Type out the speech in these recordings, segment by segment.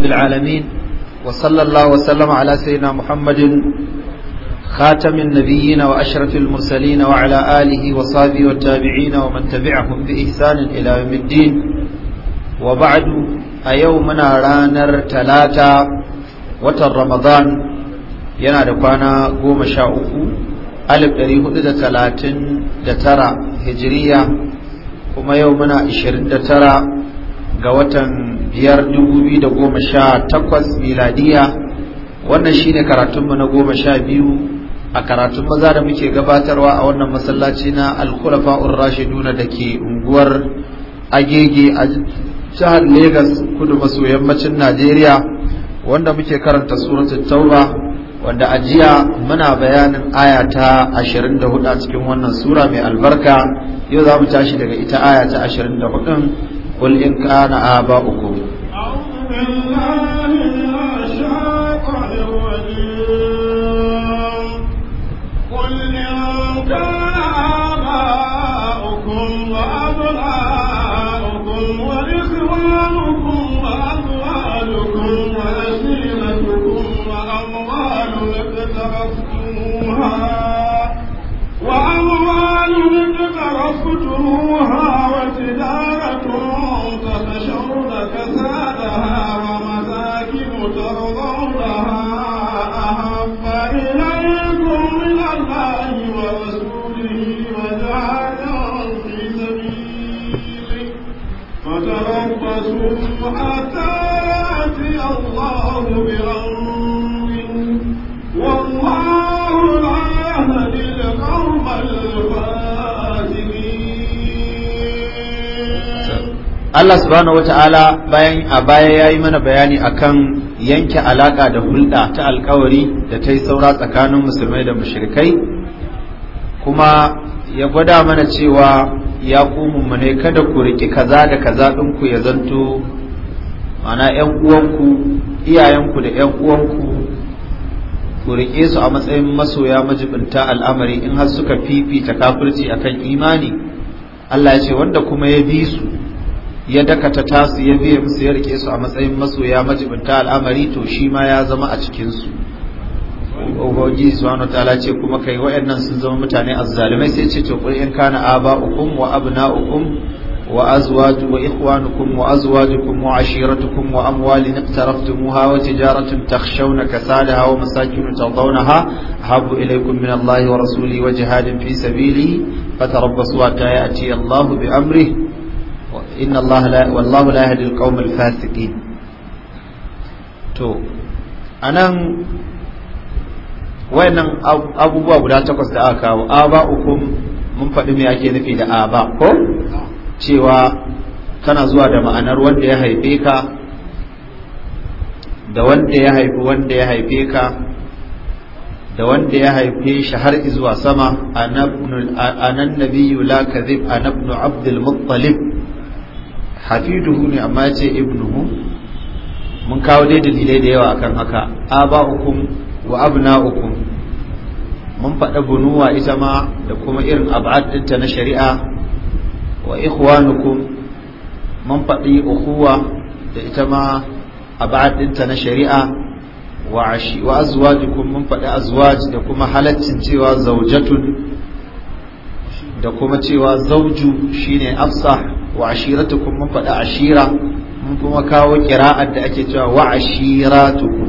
رب العالمين وصلى الله وسلم على سيدنا محمد خاتم النبيين وأشرف المرسلين وعلى آله وصحبه والتابعين ومن تبعهم بإحسان إلى يوم الدين وبعد أيومنا رانر تلاتة watan ramadan yana da kwana goma sha uku alif ɗari hudu da talatin da tara hijiriya kuma yau muna ashirin da tara ga watan biyar dubu biyu da goma sha takwas miladiya wannan shi ne karatunmu na goma sha biyu a karatun maza da muke gabatarwa a wannan masallaci na alkulafa'ur rashiduna da ke unguwar agege a jihar Legas kudu maso yammacin najeriya wanda muke karanta suratul tauba wanda a jiya muna bayanin aya ta 24 a cikin wannan sura mai albarka yau za mu tashi daga ita aya ta 24 قل إن كان آباؤكم بالله من الرجيم قل إن كان آباؤكم وأبناؤكم وإخوانكم وأموال اقترفتموها وأموال اقترفتموها Allah subhanahu wa ta'ala bayan a baya ya yi mana bayani akan yanke alaƙa da hulɗa ta alkawari da ta yi saura tsakanin musulmai da mushrikai kuma ya gwada mana cewa ya mu ne kada ku riƙi kaza da kaza ɗinku ya zanto ma'ana yan uwanku iyayenku da yan uwanku ku riƙe su a matsayin masoya majibinta al'amari in har suka fifita kafirci akan imani Allah ya ce wanda kuma ya bi su ya dakata tasu ya biya musu ya rike su a matsayin masoya majibinta al'amari to shi ma ya zama a cikin su ubangiji subhanahu ce kuma kai wayannan sun zama mutane azzalimai sai ce to qul in kana aba'ukum wa abna'ukum وأزواج وإخوانكم وأزواجكم وعشيرتكم وأموال اقترفتموها وتجارة تخشون كسادها ومساكن ترضونها أحب إليكم من الله ورسوله وجهاد في سبيله فتربصوا حتى يأتي الله بأمره إن الله لا والله لا يهدي القوم الفاسقين تو أنا wayannan abubuwa guda takwas da aka kawo aba ukum mun faɗi me ake nufi da aba ko cewa kana zuwa da ma'anar wanda ya haife ka da wanda ya haifi wanda ya haife ka da wanda ya haife shi har zuwa sama anan nabiyu la kadhib anabnu abdul muttalib hafiduhu ne amma ya ce ibnuhu mun kawo dai dalilai da yawa akan haka aba'ukum wa abna'ukum mun faɗa bunuwa ita ma da kuma irin ab'ad ɗinta na shari'a wa ikhwanukum mun faɗi ukhuwa da ita ma a ba'adinta na shari'a wa azwajukum mun faɗi azwaj da kuma halaccin cewa zaujatun da kuma cewa zauju shine afsa wa ashiratukum mun faɗi ashira mun kuma kawo kira'ar da ake cewa wa ashiratukum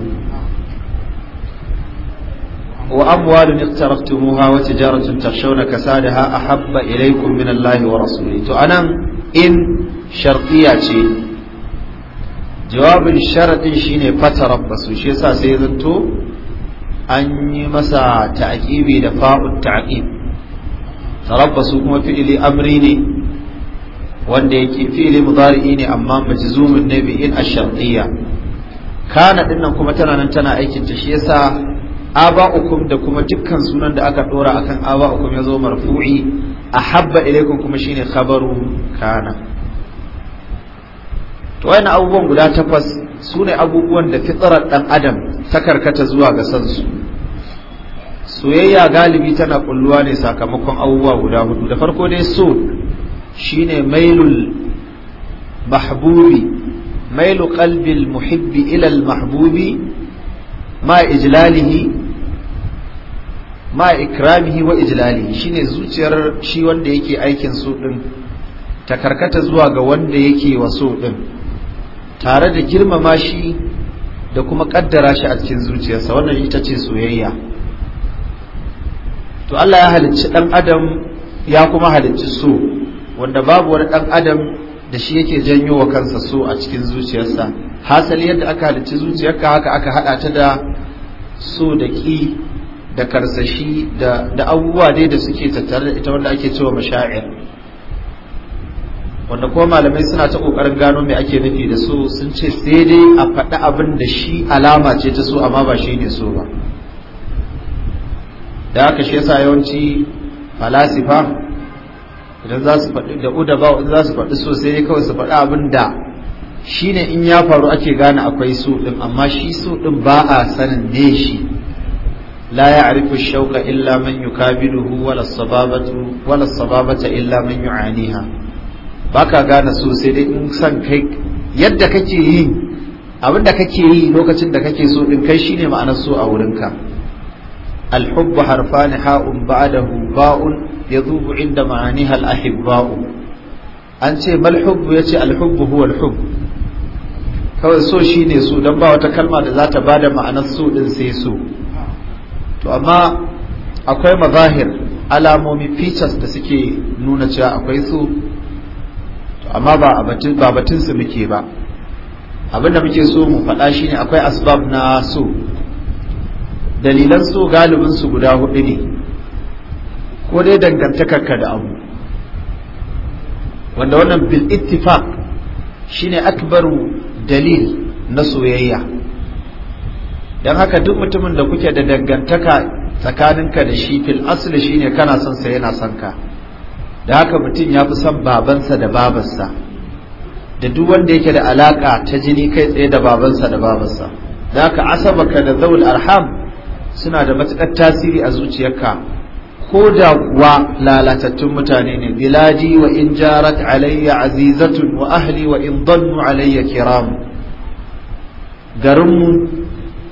وأموال اقترفتموها وتجارة تخشون كسادها أحب إليكم من الله ورسوله تو أنا إن شرطية جواب الشرط شيني فتربصوا شي يسا سيدنتو أن مسا تعقيبي دفاع التعقيب تربصوا كما فعل أمريني wanda yake fi'ili mudari'i ne amma majzumun ne bi in ash-shartiyya kana dinnan kuma tana nan tana aikin ta shi yasa Aba ukum da kuma dukkan sunan da aka dora akan aba'ukum ya zo marfu'i ahabba ilaykum kuma shine khabaru kana to wayannan abubuwan guda takwas sune abubuwan da fitrar dan adam ta karkata zuwa ga san su soyayya galibi tana kulluwa ne sakamakon abubuwa guda hudu da farko dai so shine mailul mahbubi mailu qalbil muhibbi ila al mahbubi ma ijlalihi ma ikramihi wa ijlali shine zuciyar shi wanda yake aikin su din ta karkata zuwa ga wanda yake wa so din tare da girmama shi da kuma kaddara shi a cikin zuciyarsa wannan ita ce soyayya to Allah ya halicci dan adam ya kuma halicci so wanda babu wani dan adam da shi yake janyo wa kansa so a cikin zuciyarsa hasali yadda aka halicci zuciyarka haka aka hada ta da so da ki da karsashi da abubuwa dai da suke tattare da ita wanda ake cewa masha'ir wanda kuma malamai suna ta kokarin gano me ake nufi da su sun ce sai dai a faɗi abin da shi alama ce ta su amma ba shi ne so ba da aka shi yasa yawanci falasifa idan za su faɗi da uda ba za su faɗi so sai dai kawai su faɗi abin da shine in ya faru ake gane akwai su ɗin amma shi su ɗin ba a sanin ne shi لا يعرف الشوك إلا من يكابله ولا الصبابة ولا الصبابة إلا من يعانيها baka gane so sai dai in san kai yadda kake yi abin da kake yi lokacin da kake so din kai shine ma'anar so a wurinka الحب حرفان حاء بعده باء يذوب عند معانيها الأحباء أنت ما الحب يتي الحب هو hub. kawai so shine so dan ba wata kalma da za ta bada ma'anar so din sai so to amma akwai mazahir alamomi features da suke nuna cewa akwai su amma ba batun su muke ba abinda muke so mu faɗa shine akwai asbab na so dalilan so galibin su guda hudu ne ko dai dangantakarka da abu wanda wannan bil ittifaq shine akbaru dalil na soyayya don haka duk mutumin da kuke da dangantaka tsakaninka da shi fil asli shine kana son sa yana son ka da haka mutum ya fi son babansa da babarsa da duk wanda yake da alaka ta jini kai tsaye da babansa da babarsa da haka asabaka da zawul arham suna da matuƙar tasiri a zuciyarka ko da kuwa lalatattun mutane ne biladi wa in jarat alayya azizatun wa ahli wa in dannu alayya kiram garinmu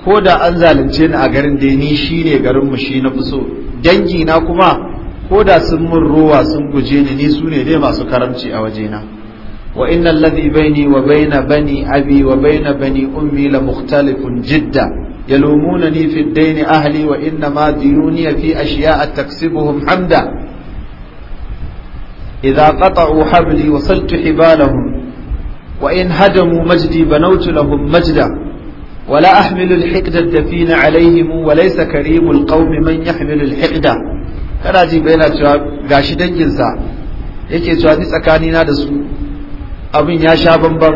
ko da an zalunce ni a garin da ni shine garin shi na fuso dangi na kuma ko da sun mun ruwa sun guje ni ni su ne dai masu karamci a wajena wa inna alladhi baini wa baina bani abi wa baina bani ummi la mukhtalifun jidda yalumuna fi ad ahli wa inna ma diyuni fi ashiya'a taksibuhum hamda idha qata'u habli wa saltu hibalahum wa in hadamu majdi banawtu lahum majda ولا أحمل الحقد الدفين عليهم وليس كريم القوم من يحمل الحقد kana ji bai yana cewa gashi danginsa yake cewa ni tsakanina da su abin ya sha bamban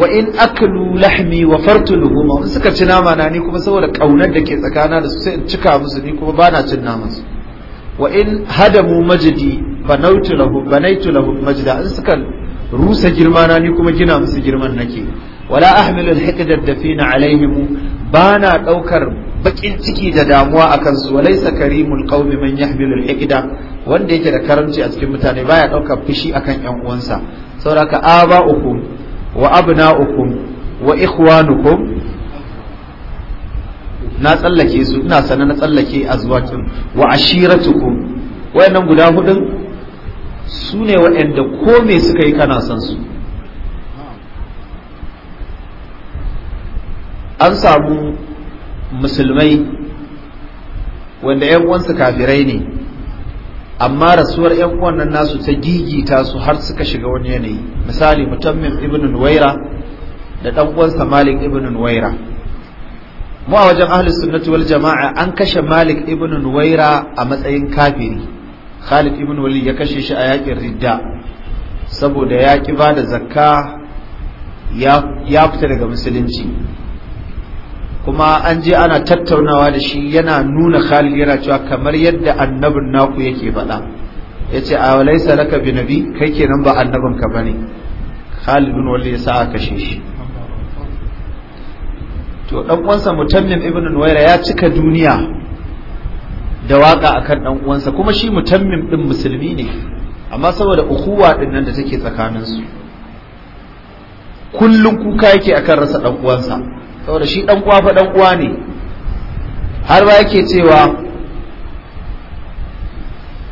wa in aklu lahmi wa fartu luhuma suka ci nama na ni kuma saboda kaunar da ke tsakana da su sai in cika musu ni kuma bana cin naman wa in hadamu banaitu majda in rusa girma na ni kuma gina musu girman nake wala ahmilu alhiqda dafina alaihim bana daukar bakin ciki da damuwa akan su walaysa karimul qaumi man yahmilu Hikda wanda yake da karanci a cikin mutane baya daukar fushi akan yan uwansa saboda aba'ukum wa abna'ukum wa ikhwanukum na tsallake su ina sanar na tsallake azwajin wa ashiratukum wayannan guda hudun su ne ko me suka yi kana san su an samu musulmai wanda ‘yan uwansu kafirai ne amma rasuwar ‘yan uwan nan nasu ta gigita su har suka shiga wani yanayi misali mutammin ibn nuwaira da ɗan uwansa malik ibn nuwaira mu a wajen ahli sunnati wal jama'a an kashe malik ibn nuwaira a matsayin kafiri khalid ibn Wali ya kashe shi a yakin ridda saboda ya ba da zakka ya fita daga musulunci kuma an je ana tattaunawa da shi yana nuna Khalid yana cewa kamar yadda annabin naku yake faɗa yace a walaysa laka bi nabi kai kenan ba annabin ka bane Khalid bin ya sa aka kashe shi to dan uwansa Mutammim ibn Nuwaira ya cika duniya da waka akan dan uwansa kuma shi Mutammim din musulmi ne amma saboda ukuwa din nan da take su kullum kuka yake akan rasa dan uwansa saboda shi dan uwa fa dan uwa ne har ba yake cewa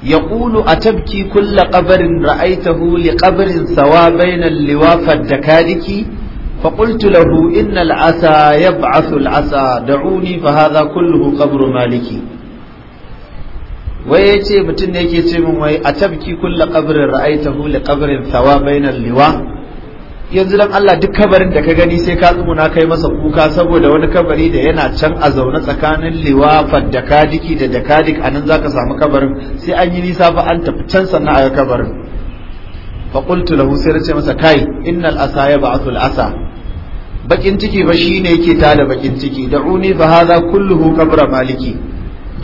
yaqulu atabki a qabrin ra'aytahu li qabrin sawa bainal liwafad dakadiki فقلت da إن العسى يبعث العسى دعوني فهذا كله قبر مالكي waye ce mutum ne yake ce min wai a tabki kulla qabrin ra'aytahu li qabrin thawabain liwa yanzu dan Allah duk kabarin da ka gani sai ka tsumuna kai masa kuka saboda wani kabari da yana can a zaune tsakanin liwafar da kadiki da da kadik anan zaka samu kabarin sai an yi nisa fa an tafi can sannan a ga kabarin fa qultu lahu sai nace masa kai innal asa ba'athul asa bakin ciki ba shine yake tada bakin ciki da uni fa hadha kulluhu kabra maliki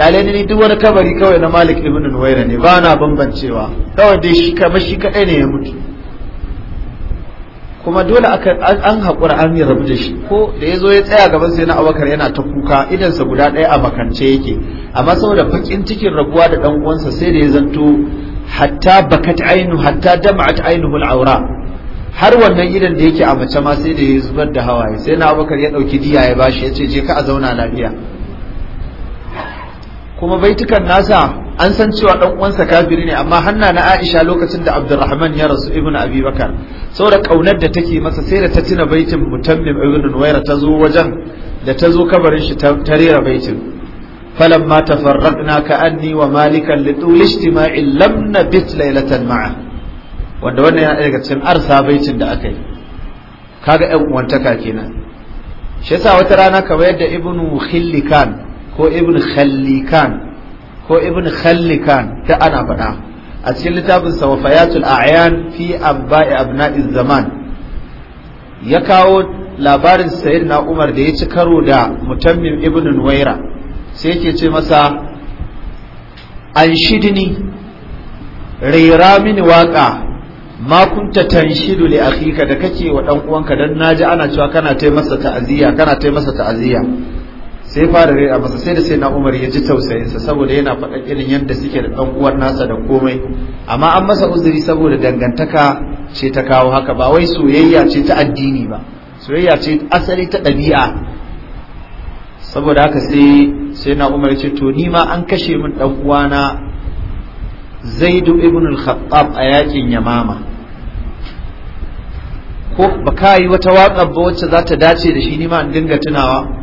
dale ne duk wani kabari kawai na malik ibn nuwaira ne ba na bambancewa kawai dai shi kamar shi kadai ne ya mutu kuma dole an haƙura an yi rabu da shi ko da ya zo ya tsaya gaban sai na yana ta kuka idansa guda ɗaya a makance yake amma saboda bakin cikin rabuwa da ɗan uwansa sai da ya zanto hatta bakat ainu hatta dam'at ainu aura har wannan idan da yake a mace ma sai da ya zubar da hawaye sai na abakar ya ɗauki diya ya bashi ya ce je ka a zauna lafiya kuma baitukan nasa an san cewa dan uwansa kafiri ne amma hanna na Aisha lokacin da Abdurrahman ya rasu Ibn Abi Bakar saboda kaunar da take masa sai da ta tuna baitin Mutammim Ibn Nuwayra ta zo wajen da ta zo kabarin shi ta rera baitin falamma tafarraqna ka'anni wa malikan li tul ijtima'in lam nabit laylatan ma'a wanda wannan yana daga cikin arsa baitin da aka yi kaga ƴan uwantaka kenan shi yasa wata rana kamar yadda Ibn Khillikan ko ibn khallikan ko ibn khallikan ta ana faɗa a cikin littafin sa wafayatul a'yan fi abba'i abna'i zaman ya kawo labarin sayyidina Umar da ya ci karo da mutammim ibn Nuwaira sai yake ce masa an shidini rera mini waka, ma kunta tanshidu li akhika da kake wa dan uwanka dan naji ana cewa kana tai masa kana tai masa ta'aziyya sai fara rera masa sai da sai na umar ya ji tausayinsa saboda yana faɗa irin yadda suke da ɗan uwan nasa da komai amma an masa uzuri saboda dangantaka ce ta kawo haka ba wai soyayya ce ta addini ba soyayya ce asali ta ɗabi'a saboda haka sai sai na umar ya ce to ni ma an kashe min ɗan uwana zaidu ibn al-khattab a yakin yamama ko baka yi wata waƙa ba wacce za ta dace da shi ni ma in dinga tunawa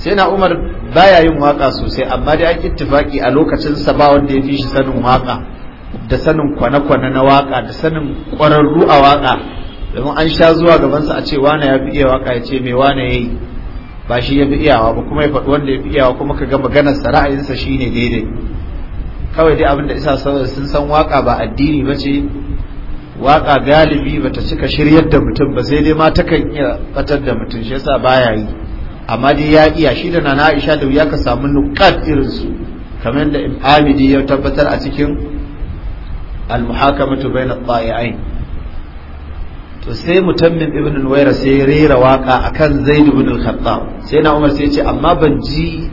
sai na umar baya yin waka sosai amma dai an ittifaki a lokacin sa ba wanda ya fi shi sanin waka da sanin kwane-kwane na waka da sanin kwararru a waka domin an sha zuwa gabansa a ce wane ya fi iya waka ya ce mai wane ya yi ba shi ya fi iyawa ba kuma ya faɗi wanda ya fi iyawa kuma ka ga maganar sa shi shine daidai kawai dai abin da isa saboda sun san waka ba addini ba ce waka galibi bata cika shiryar da mutum ba sai dai ma takan iya batar da mutum shi yasa baya yi amma dai ya iya shi da nana Aisha da wuya ka samu nukat irin su kamar da Amidi ya tabbatar a cikin al-muhakamatu bayna al-ta'i'ain to sai mutammin ibn al-wayra sai ya rera waka akan Zaid ibn al-Khattab sai na Umar sai ya ce amma ban ji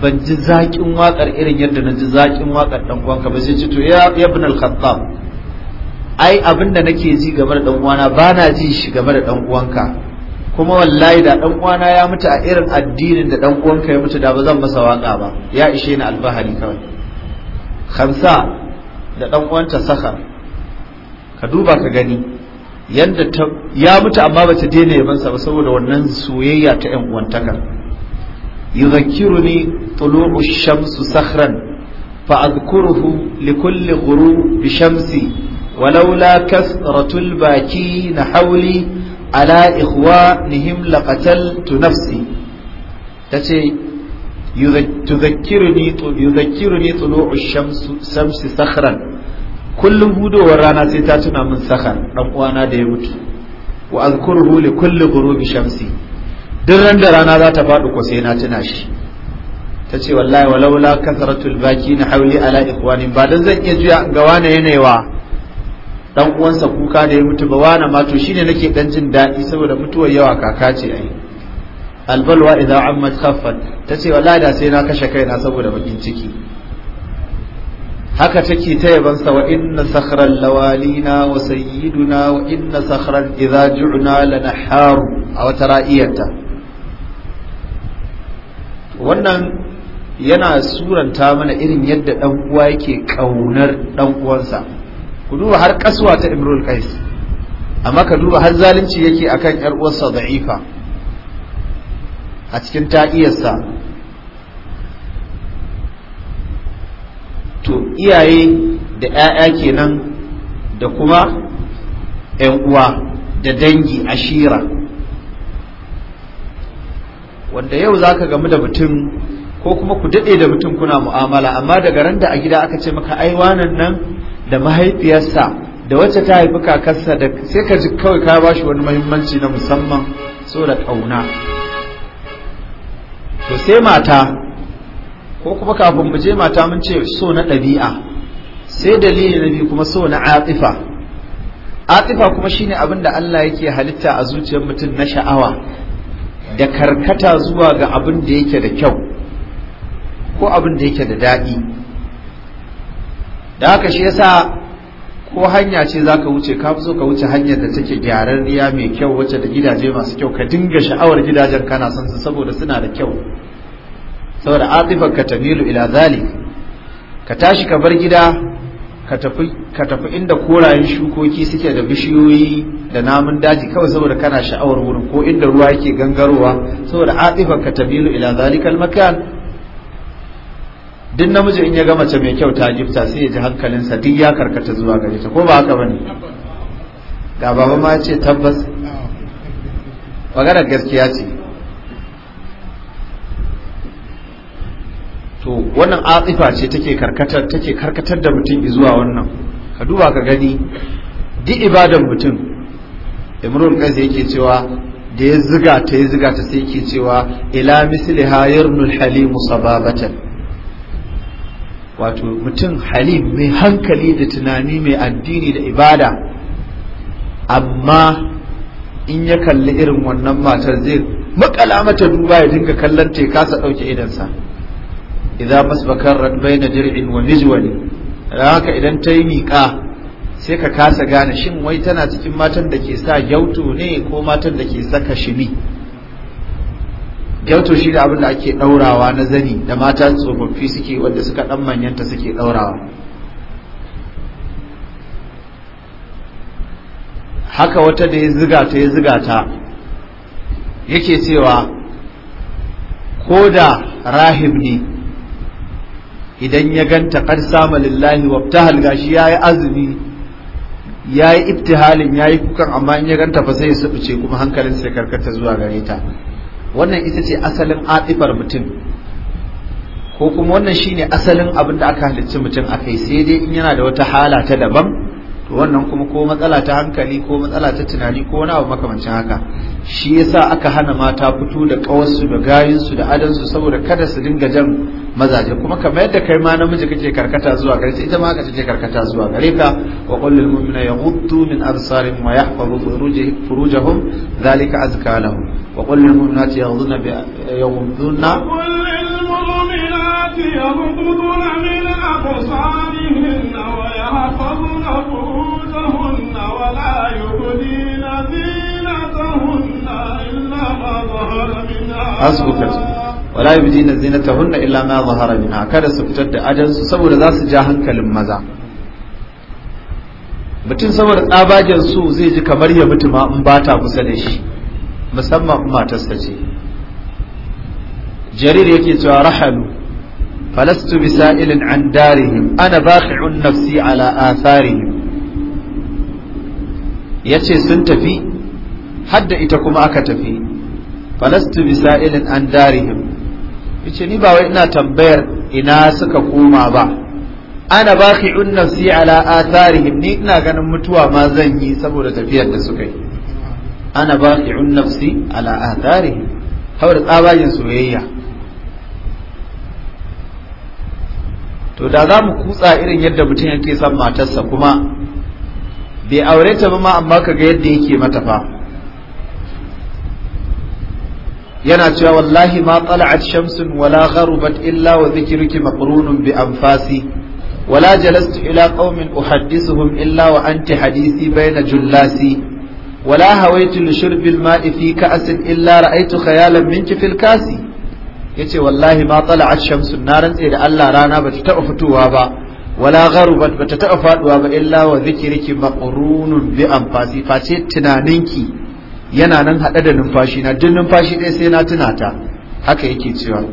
ban ji zaƙin wakar irin yadda na ji zaƙin wakar ɗan uwanka ba sai ce to ya ibn al-khattab ai abinda nake ji game da ɗan uwana ba na ji shi game da ɗan uwanka kuma wallahi da dan uwana ya mutu a irin addinin da dan uwanka ya mutu da ba zan masa waka ba ya ishe ni albahari kawai khamsa da dan uwanta ka duba ka gani yanda ya mutu amma bata daina sa ba saboda wannan soyayya ta yan uwantaka yuzakiruni tulu'u shamsu sakhran fa adhkuruhu li kulli ghurub bi shamsi ولولا baki na حولي ala ikhwanihim laqataltu nafsi tace yuzakkiruni yuzakkiruni tulu'u shamsu samsi sakhran kullum hudowar rana sai ta tuna min sakhar dan uwana da ya mutu wa azkuruhu li kulli ghurubi shamsi duk ran da rana za ta faɗi ko sai na tuna shi ta ce wallahi walaula kasaratul baki na hauli ala ikhwanin ba dan zan iya juya ga wani yanayiwa dan uwansa kuka da ya mutu ba wani ma to shine nake dan jin daɗi saboda mutuwar yawa kaka ce ai albalwa idza ammat khaffat tace wallahi da sai na kashe kaina saboda bakin ciki haka take ta yaban sa wa inna sakhral lawalina wa sayyiduna wa inna sakhral idza ju'na lanaharu a wata ra'iyarta wannan yana suranta mana irin yadda dan uwa yake kaunar dan uwansa ku duba har kasuwa ta imrul qais amma ka duba har zalunci yake akan yar uwarsa da'ifa a cikin ta'iyarsa to iyaye da 'ya'ya kenan da kuma 'yan uwa da dangi ashira wanda yau za ka gamu da mutum ko kuma ku daɗe da mutum kuna mu'amala amma daga ran a gida aka ce maka ai wanan nan da mahaifiyarsa da wacce ta haifi kakarsa da sai ka ji kawai ka ba shi wani mahimmanci na musamman so da ƙauna to sai mata ko kuma kafin mu je mata mun ce so na ɗabi'a sai dalili na biyu kuma so na atifa atifa kuma shine abin da Allah yake halitta a zuciyar mutum na sha'awa da karkata zuwa ga abin da yake da kyau ko abin da yake da daɗi da haka shi yasa ko hanya ce zaka wuce ka fi so ka wuce hanyar da take gyaran riya mai kyau wacce da gidaje masu kyau ka dinga sha'awar gidajen kana son su saboda suna da kyau saboda atifar ka tamilu ila zalik ka tashi ka bar gida ka tafi inda korayen shukoki suke da bishiyoyi da namun daji kawai saboda kana sha'awar wurin ko inda ruwa yake gangarowa saboda atifar ka tamilu ila zalikal makan duk namiji in ya ga mace mai kyau ta gifta sai ya ji hankalinsa duk ya karkata zuwa gare ta ko ba haka bane ga baba ma ce tabbas magana gaskiya ce to wannan atsifa ce take karkatar take karkatar da mutum zuwa wannan ka duba ka gani duk ibadan mutum imrul qais yake cewa da ya ziga ta ya ziga ta sai yake cewa ila misliha yarnul halimu sababatan wato mutum halim mai hankali da tunani mai addini da ibada amma in ya kalli irin wannan matar zai makala mata duba ya dinga kallon ta ya kasa ɗauke idansa idza masbakar radbai na jir'in wa mijwali haka idan ta yi miƙa sai ka kasa gane shin wai tana cikin matan da ke sa gyauto ne ko matan da ke saka shimi gyauto shi da abinda ake ɗaurawa na zani da mata tsofaffi suke wanda suka ɗan manyanta suke ɗaurawa haka wata da ya ziga ta ya ziga ta yake cewa ko da rahib ne idan ya ganta kar sama lillahi wabtahal gashi yi azumi ya yayi ibtihalin yi kukan amma in ya ganta fa sai ya subuce kuma hankalin sai karkata zuwa gare ta wannan ita ce asalin atifar mutum ko kuma wannan shine asalin abin da aka halicci mutum kai sai dai in yana da wata hala ta daban to wannan kuma ko matsala ta hankali ko matsala ta tunani ko wani abu makamancin haka shi yasa aka hana mata fito da kawarsu da gayinsu da adansu saboda kada su dinga jan mazaje kuma kamar yadda kai ma namiji kake karkata zuwa gare ita ma ka karkata zuwa gare ka wa qul lil mu'minina yaghuddu min absarihim wa yahfazu furujahum dhalika azka lahum وقل للمؤمنات يغضن يغضن وقل للمؤمنات يغضن من أبصارهن ويحفظن فروجهن ولا يبدين زينتهن إلا ما ظهر منها أسبكت ولا يبدين زينتهن إلا ما ظهر منها كذا سبتد أجل سبب ذا سجاهن كالمزا mutum saboda tsabagen su zai ji kamar ya mutu ma in ba ta kusa da shi musamman matarsa ce jarir yake cewa rahalu falastu bisa'ilin an darihim ana baqi'un nafsi ala atharihim yace sun tafi hadda ita kuma aka tafi falastu bisa'ilin an darihim yace ni ba wai ina tambayar ina suka koma ba ana baqi'un nafsi ala atharihim ni ina ganin mutuwa ma zan yi saboda tafiyar da suka yi ana basi'un nafsi ala hau da tsabagen soyayya to da za mu kutsa irin yadda mutum yake son matarsa kuma bai aure ta ba ma amma kaga yadda yake mata fa yana cewa wallahi ma tala'at shamsun wala gharubat illa wa dhikruki maqrunun bi anfasi wala jalastu ila qaumin uhaddithuhum illa wa anti hadisi baina jullasi ولا هويت لشرب الماء في illa إلا رأيت خيالا منك في الكاس yace wallahi ma tala'at shamsu na rantse da Allah rana bata taɓa fitowa ba wala gharubat bata taɓa faduwa ba illa wa zikriki maqrunun bi anfasi face tunaninki yana nan hada da numfashi na duk numfashi ɗaya sai na tunata haka yake cewa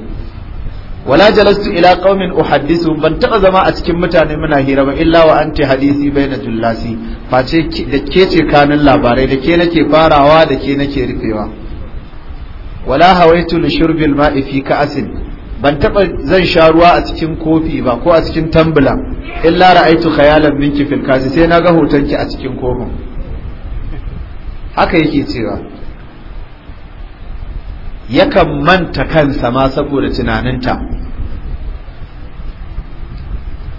wala jalastu ila qaumin uhaddisu ban taɓa zama a cikin mutane muna hira ba illa wa anti hadisi baina jullasi face da ke ce kanin labarai da ke nake farawa da ke nake rufewa wala hawaitu li shurbil ma'i fi ka'asin ban taba zan sha ruwa a cikin kofi ba ko a cikin tambula illa ra'aitu khayalan minki fil kasi sai naga hotonki a cikin kofin haka yake cewa yakan manta kansa ma saboda tunaninta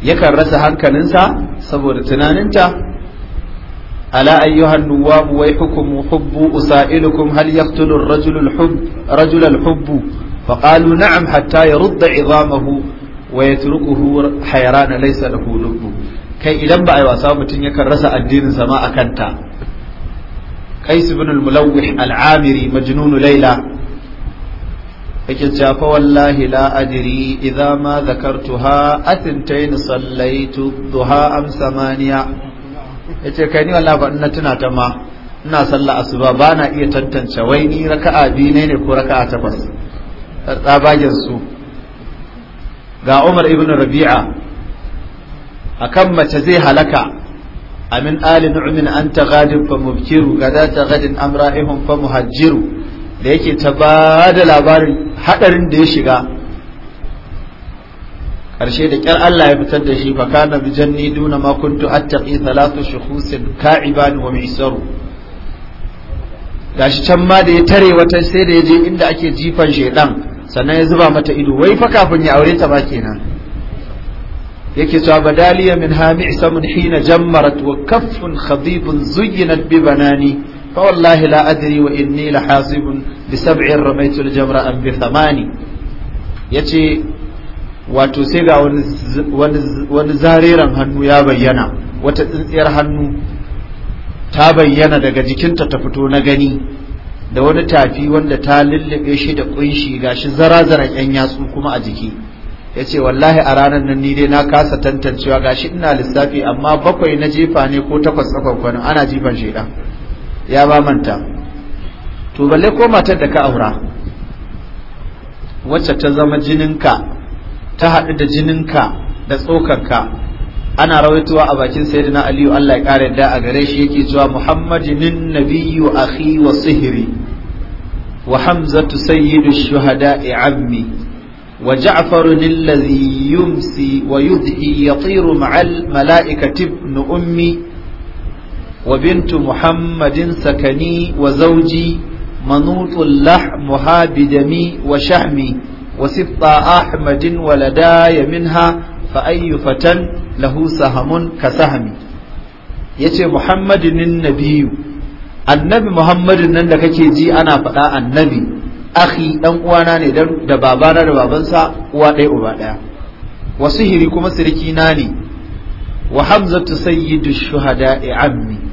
yakan rasa hankalinsa saboda tunaninta ala ayyuhan nuwabu wai hukumu hubbu usailukum hal yaqtulu ar-rajulu al-hubb hubbu faqalu na'am hatta yurda 'idamahu wa yatrukuhu hayran laysa lahu lubbu kai idan ba a wasa mutum yakan rasa addinin sama a kanta qais ibn al-mulawih al-amiri majnun layla yake cewa fa wallahi la adri idza ma zakartuha atintain sallaitu duha am samaniya yace kai ni wallahi ba tuna ta ma ina sallah asuba ba na iya tantance wai ni raka'a biyu ne ko raka'a takwas tsabagen su ga Umar ibn Rabi'a akan mace zai halaka amin ali nu'min anta ghadib fa mubkiru gadata ghadin amra'ihum fa muhajjiru da yake ta ba da labarin hadarin da ya shiga ƙarshe da kyar Allah ya fitar da shi fa kana bi janni duna ma kuntu attaqi thalathu shukhusin ka'iban wa tsaro. gashi can ma da ya tare wata sai da ya je inda ake jifan shaiɗan sannan ya zuba mata ido wai fa kafin ya aure ta ba kenan yake cewa badaliya min hami mun hina jammarat wa kaffun khadibun zuyyinat bi banani فوالله لا أدري وإني لحاسب بسبع رميت الجمرة أم بثماني يتي wato sai ga wani بينا hannu ya bayyana wata tsintsiyar hannu ta bayyana daga jikinta ta fito na gani da wani tafi wanda ta lullube shi da kunshi gashi zara zarazaran yan yatsu kuma a jiki yace wallahi a ranar nan ni dai na kasa tantancewa gashi ina lissafi amma bakwai na jefa ne ko takwas tsakon ana jifan shaidan ya ba manta to balle ko matar da ka aura wacce ta zama jininka ta haɗu da jinin ka da tsokanka ana rawaitowa a bakin sayyidina aliyu Allah ya ƙara yadda a gare shi yake cewa muhammadinin nabiyyu akhi wa sihiri wa hamzatu sayyidu shuhada'i ammi wa jafaru alladhi yumsi wa yudhi yatiru ma'al mala'ikati ibn ummi وبنت محمد سكني وزوجي منوط اللحمها بدمي وشحمي وسبط أحمد ولداي منها فأي فتى له سهم كسهمي يتي محمد النبي annabi muhammadin nan da kake ji ana faɗa annabi akhi dan uwana ne da babana da babansa uwa ɗaya uba ɗaya hiri kuma sirikina na ne wa hamzatu sayyidu shuhada'i ammi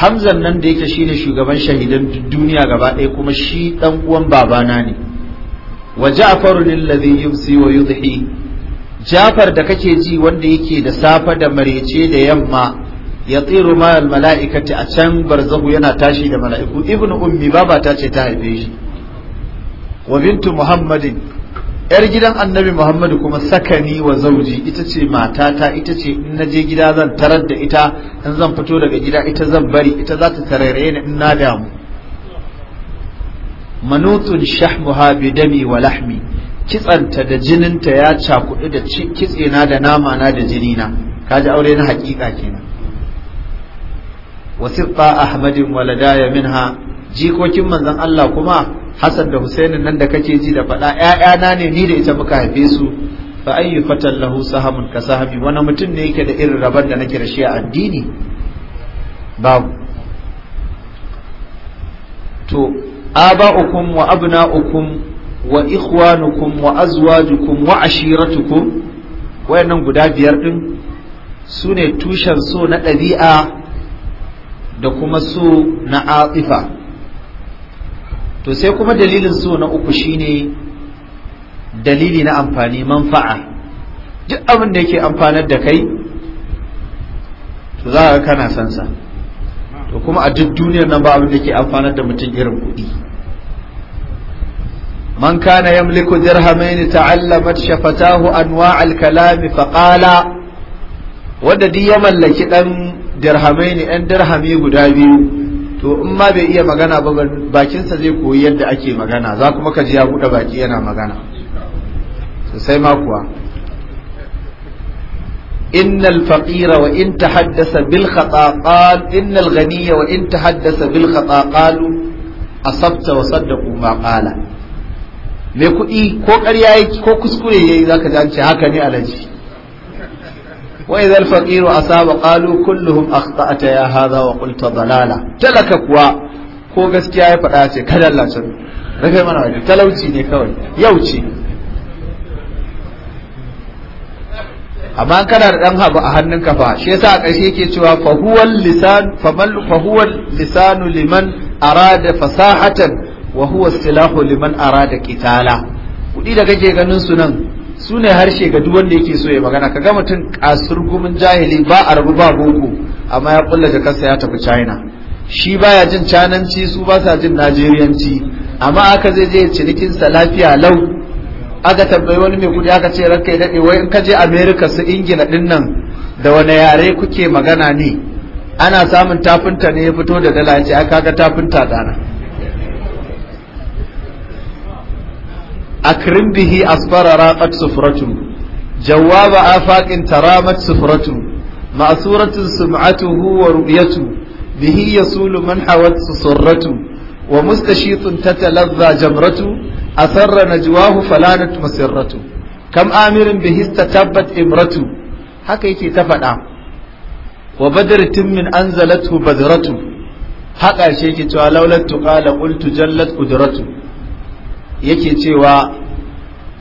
hamzan nan da yake shine shugaban shahidan duniya gaba ɗaya kuma shi ɗan uwan babana ne wa ja'farun alladhi yumsi wa yudhi ja'far da kake ji wanda yake da safa da marece da yamma ya tsiru ma mala'ikati a can barzahu yana tashi da mala'iku ibnu ummi baba ta ce ta haife shi wa bintu muhammadin yar gidan annabi muhammadu kuma sakani wa zauji ita ce matata ita ce in na je gida zan tarar da ita in zan fito daga gida ita zan bari ita za ta tarairaye ni in na damu manutun shahmuha bi dami wa lahmi kitsanta da jininta ya cakudu da kitsena da nama na da na kaji aure na hakika kenan wasiqa ahmadin waladaya minha jikokin manzon Allah kuma Hassan da Husainin nan da kake ji da faɗa ‘ya'yana ne ni da ita muka haife su fa ayyu fatan lahu sahamun ka sahami wani mutum ne yake da irin rabar da nake da shi a addini babu to aba'ukum wa abna'ukum wa ikhwanukum wa azwajukum wa ashiratukum wayannan guda biyar din su ne tushen so na ɗabi'a da kuma so na atifa to sai kuma dalilin so na uku shine dalili na amfani manfa'a duk abin da yake amfanar da kai to za ka kana son sa to kuma a duk duniyar nan ba abin da ke amfanar da mutum irin kuɗi man kana yamliku dirhamaini ta'allamat shafatahu anwa' al-kalam fa qala ya mallaki dan dirhamaini ɗan dirhami guda biyu to in ma bai iya magana ba bakinsa zai koyi yadda ake magana za kuma ka ji ya buɗe baki yana magana sosai ma kuwa In الفقير وإن تحدث بالخطأ قال إن الغني وإن تحدث بالخطأ قالوا أصبت وصدقوا ما me kuɗi ko ƙarya ko kuskure yayi zaka ji an ce haka ne alaji وإذا الفقير أصاب قالوا كلهم أخطأت يا هذا وقلت ضلالة تلك كوا ko gaskiya ya faɗa ce kada rufe mana waje talauci ne kawai yau ce amma kana da ɗan habu a hannun kafa, shi yasa a ƙarshe yake cewa fahuwal lisan famal fahuwal lisanu liman arada fasahatan wa huwa silahu liman arada qitala kudi da kake ganin su nan su ne harshe ga duk wanda yake so ya magana kaga mutum kasur gumin jahili ba a rabu ba boko amma ya kulla jakarsa ya tafi china shi baya jin cananci su ba sa jin najeriyanci amma aka zai je cinikin lafiya lau aka tambayi wani mai kudi aka ce ranka ya daɗe wai in ka je america su ingila din nan da wani yare kuke magana ne ana samun tafinta ne ya fito da dala ya ce aka ga tafinta dana akrim bihi asfara raqat sufratu jawaba afaqin taramat sufratu ma'suratu sum'atuhu wa ru'yatu bihi yasulu man hawat surratu wa mustashitun tatalazza jamratu asarra najwahu falanat masirratu kam amirin bihi istatabbat imratu haka yake ta faɗa wa badratin min anzalatu badratu haka shi yake cewa laulat tuqala jallat qudratu yake cewa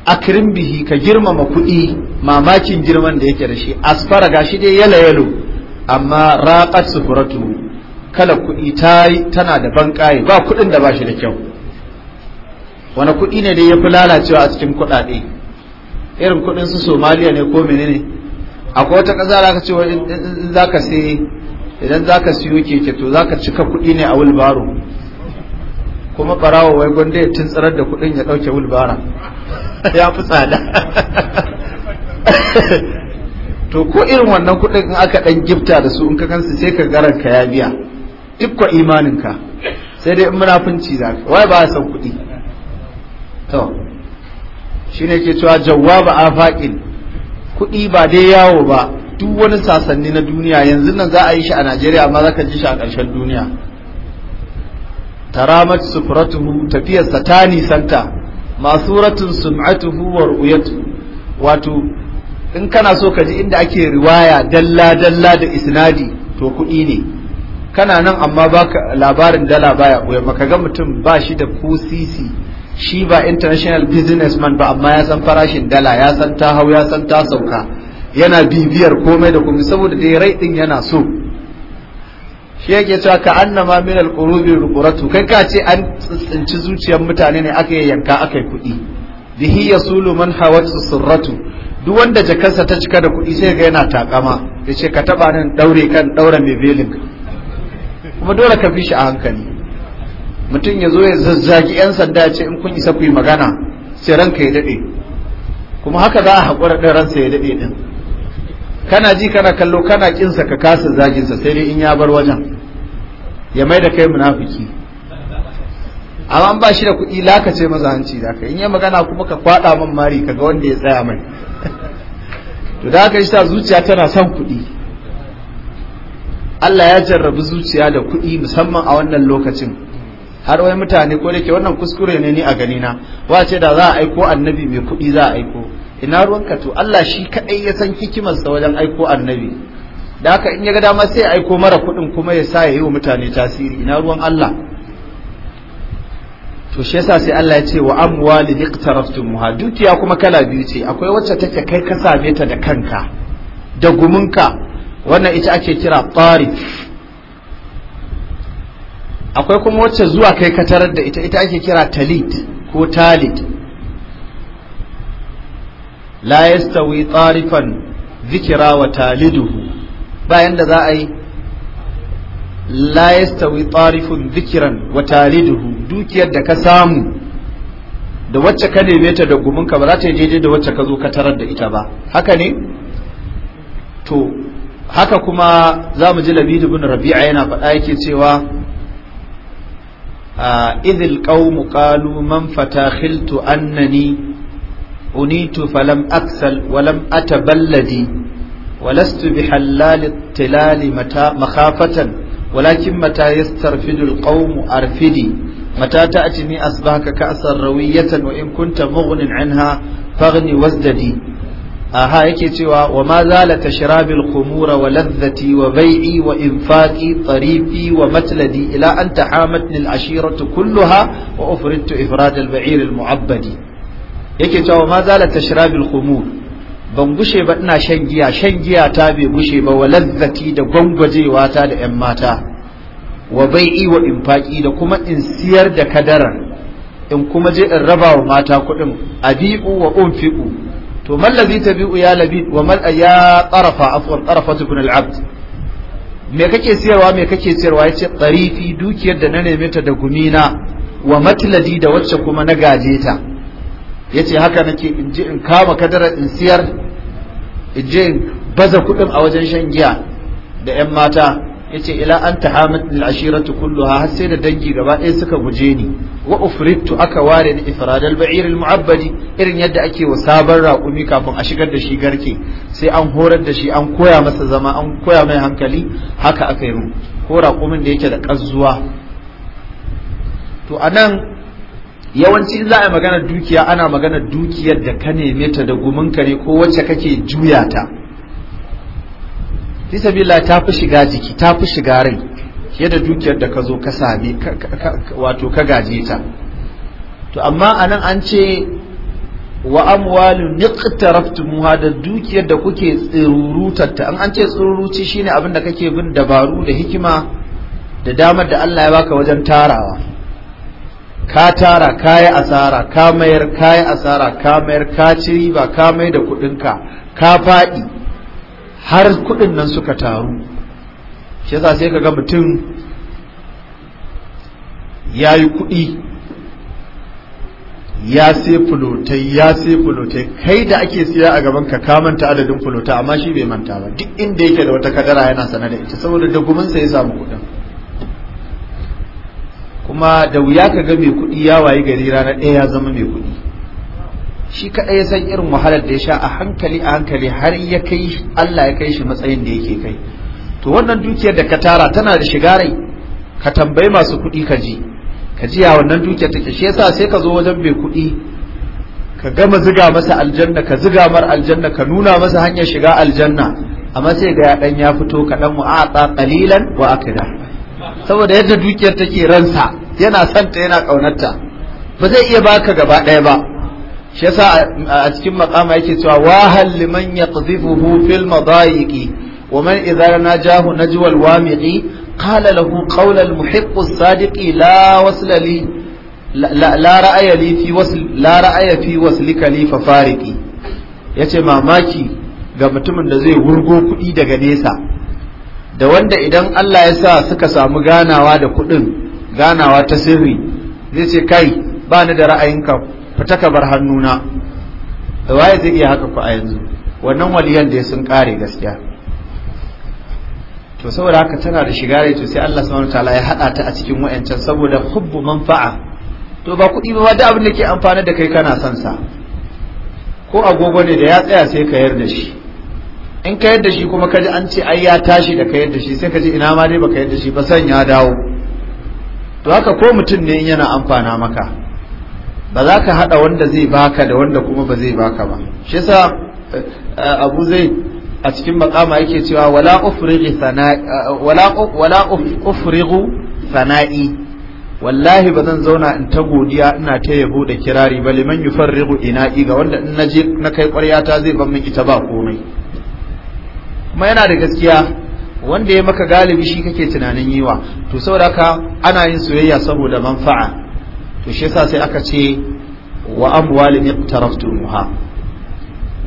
akrim bihi ka girmama kuɗi mamakin girman da yake da shi asfara gashi dai yala yalo amma raqat sufuratu kala kuɗi tana da banƙaye ba kuɗin da ba shi da kyau wani kuɗi ne dai ya fi lalacewa a cikin kuɗaɗe irin kuɗin su somaliya ne ko menene akwai wata ƙasa da aka ce in sai idan za ka siyo keke to za ka cika kuɗi ne a wilbaro kuma barawo wai gwanda ya tsarar da kuɗin ya ɗauke wulbara. ya fi tsada to ko irin wannan kuɗin in aka ɗan gifta da su in ka kansu sai ka garan ka ya biya imanin imaninka sai dai in munafunci za ka wai ba san kuɗi to shine ke cewa jawwaba afaqin kuɗi ba dai yawo ba duk wani sasanni na duniya yanzu nan za a yi shi a Najeriya amma za ka ji shi a ƙarshen duniya taramat sufratuhu tafiyarsa ta nisanta masuratun sum'atuhu wa ru'yatu wato in kana so ka ji inda ake riwaya dalla dalla da isnadi to kuɗi ne kana nan amma baka labarin dala baya koyar maka ga mutum ba shi da kusisi shi ba international businessman ba amma ya san farashin dala ya san ta hau ya san ta sauka yana bibiyar komai da komai saboda dai rai din yana so shi yake cewa ka annama min alqurubi ruquratu kai ka ce an tsinci zuciyar mutane ne aka yanka aka yi kuɗi bihi yasulu man hawat sirratu duk wanda jakarsa ta cika da kuɗi sai ga yana takama yace ka taba nan daure kan daura mai belin kuma dole ka fi shi a hankali mutum ya zo ya zazzagi yan sanda ya ce in kun isa ku yi magana sai ranka ya dade kuma haka za a haƙura ɗin ransa ya daɗe din kana ji kana kallo kana kinsa ka kasa zaginsa sai dai in ya bar wajen ya mai da kai munafiki amma ba shi da kuɗi lakace maza hanci da ka in ya magana kuma ka kwaɗa man mari kaga wanda ya tsaya mai to da haka sa zuciya tana son kuɗi Allah ya jarrabi zuciya da kuɗi musamman a wannan lokacin har wai mutane ko da ke wannan kuskure ne ni a ganina wace da za a aiko annabi mai kuɗi za a aiko ina ruwanka to Allah shi kadai ya san hikimar sa wajen aiko annabi da haka in ya ga dama sai ya aiko mara kuɗin kuma ya sa ya yi wa mutane tasiri ina ruwan Allah to shi yasa sai Allah ya ce wa amwali ha? dukiya kuma kala biyu ce akwai wacce take kai ka same ta da kanka da gumunka wannan ita ake kira tarif akwai kuma wacce zuwa kai ka tarar da ita ita ake kira talit ko talit la yastawi tarifan zikira wa taliduhu bayan da za a yi la yastawi tarifun zikiran wa taliduhu dukiyar da ka samu da wacce ka neme ta da guminka ba za ta yi daidai da wacce ka zo ka tarar da ita ba haka ne to haka kuma za mu ji labid ibn rabi'a yana faɗa yake cewa idil qawmu annani unitu falam aksal walam ataballadi ولست بحلال التلال متى مخافة ولكن متى يسترفد القوم أرفدي متى تأتني أصبحك كأسا روية وإن كنت مغن عنها فاغني وازددي أها يكتوى وما زال تشراب الخمور ولذتي وبيعي وإنفاقي طريفي ومتلدي إلى أن تحامتني العشيرة كلها وأفردت إفراد البعير المعبد yake cewa ma zalat tashrabil khumur ban gushe ba ina shan giya shan giya ta bai gushe ba wa lazzati da gwangwajewa ta da yan mata wa bai'i wa infaqi da kuma in siyar da kadara in kuma je in raba wa mata kuɗin abi'u wa unfiqu to man ladhi tabi'u ya labid wa mal ya tarafa afwan tarafatu ibn abd me kake siyarwa me kake siyarwa yace tarifi dukiyar da na neme ta da gumina wa matladi da wacce kuma na gaje ta ya ce haka nake in ji in kama kadara in siyar in ji in baza kuɗin a wajen shan giya da 'yan mata ya ce ila an ta hamid ashiratu kulluha har sai da dangi gaba ɗaya suka guje ni wa ufrittu aka ware ni ifradal ba'ir mu'abbadi irin yadda ake wa sabon raƙumi kafin a shigar da shi garke sai an horar da shi an koya masa zama an koya mai hankali haka aka yi ko raƙumin da yake da ƙazuwa to anan yawanci in za a magana dukiya ana magana dukiyar da ka neme ta da gumin kare ko wacce kake juya ta fisabila ta fi shiga jiki ta fi shiga rai fiye da dukiyar da ka zo ka same wato ka gaje ta to amma anan an ce wa amwalu niqtaraftumuha da dukiyar da kuke tsirurutar ta an ce tsiruruci shine abin da kake bin dabaru da hikima da damar da Allah ya baka wajen tarawa ka tara ka yi asara ka mayar ka yi asara ka mayar ka ci riba ka mai da kuɗinka ka faɗi har kuɗin nan suka taru shi yasa sai kaga mutum ya yi kuɗi ya sai fulotai ya sai fulotai kai da ake siya a gaban ka manta adadin fulota amma shi bai manta ba duk inda yake da wata kadara yana sana da ita saboda da ya samu kuɗin kuma da wuya ka ga mai kuɗi ya wayi gari rana ɗaya ya zama mai kuɗi shi kaɗai ya san irin wahalar da ya sha a hankali a hankali har ya kai Allah ya kai shi matsayin da yake kai to wannan dukiyar da ka tara tana da shiga rai ka tambayi masu kuɗi ka ji ka ji ya wannan dukiyar take shi yasa sai ka zo wajen mai kuɗi ka gama ziga masa aljanna ka ziga mar aljanna ka nuna masa hanyar shiga aljanna amma sai ga ya ya fito kaɗan mu'ata qalilan wa akida saboda yadda dukiyar take ransa yana santa yana kaunarta ba zai iya baka gaba ɗaya ba shi yasa a cikin makama yake cewa wahal liman yaqdhifuhu fil madayiqi wa man idza najahu najwa al wamiqi qala lahu qawla al muhiqqu sadiqi la wasla li la ra'aya li fi wasl la ra'aya fi wasu li fa fariqi yace mamaki ga mutumin da zai wurgo kuɗi daga nesa da wanda idan Allah ya sa suka samu ganawa da kuɗin ganawa ta sirri zai ce kai ba ni da ra'ayinka fita ka bar hannuna waye zai iya haka ku a yanzu wannan waliyan da sun kare gaskiya to saboda haka tana da shiga rai to sai Allah subhanahu wataala ya hada ta a cikin wayancan saboda hubbu manfa'a to ba kuɗi ba da abin da ke amfana da kai kana son sa ko agogo ne da ya tsaya sai ka yarda shi in ka yarda shi kuma ji an ce ai ya tashi da ka yarda shi sai ka ji ina ma dai baka yarda shi ba san ya dawo to haka ko mutum ne in yana amfana maka ba za ka haɗa wanda zai baka da wanda kuma ba zai baka ba shi yasa eh, abu zai a cikin makama yake cewa wala ufrighi sana'i sana'i wallahi ba zan zauna in ta godiya ina ta yabo da kirari ba liman yufarrigu ina'i ga wanda in naje na kai ƙwarya ta zai ban min ita ba komai kuma yana da gaskiya wanda ya maka galibi shi kake tunanin yiwa to saboda ka ana yin soyayya saboda manfa'a to shi yasa sai aka ce wa amwalin iqtaraftumha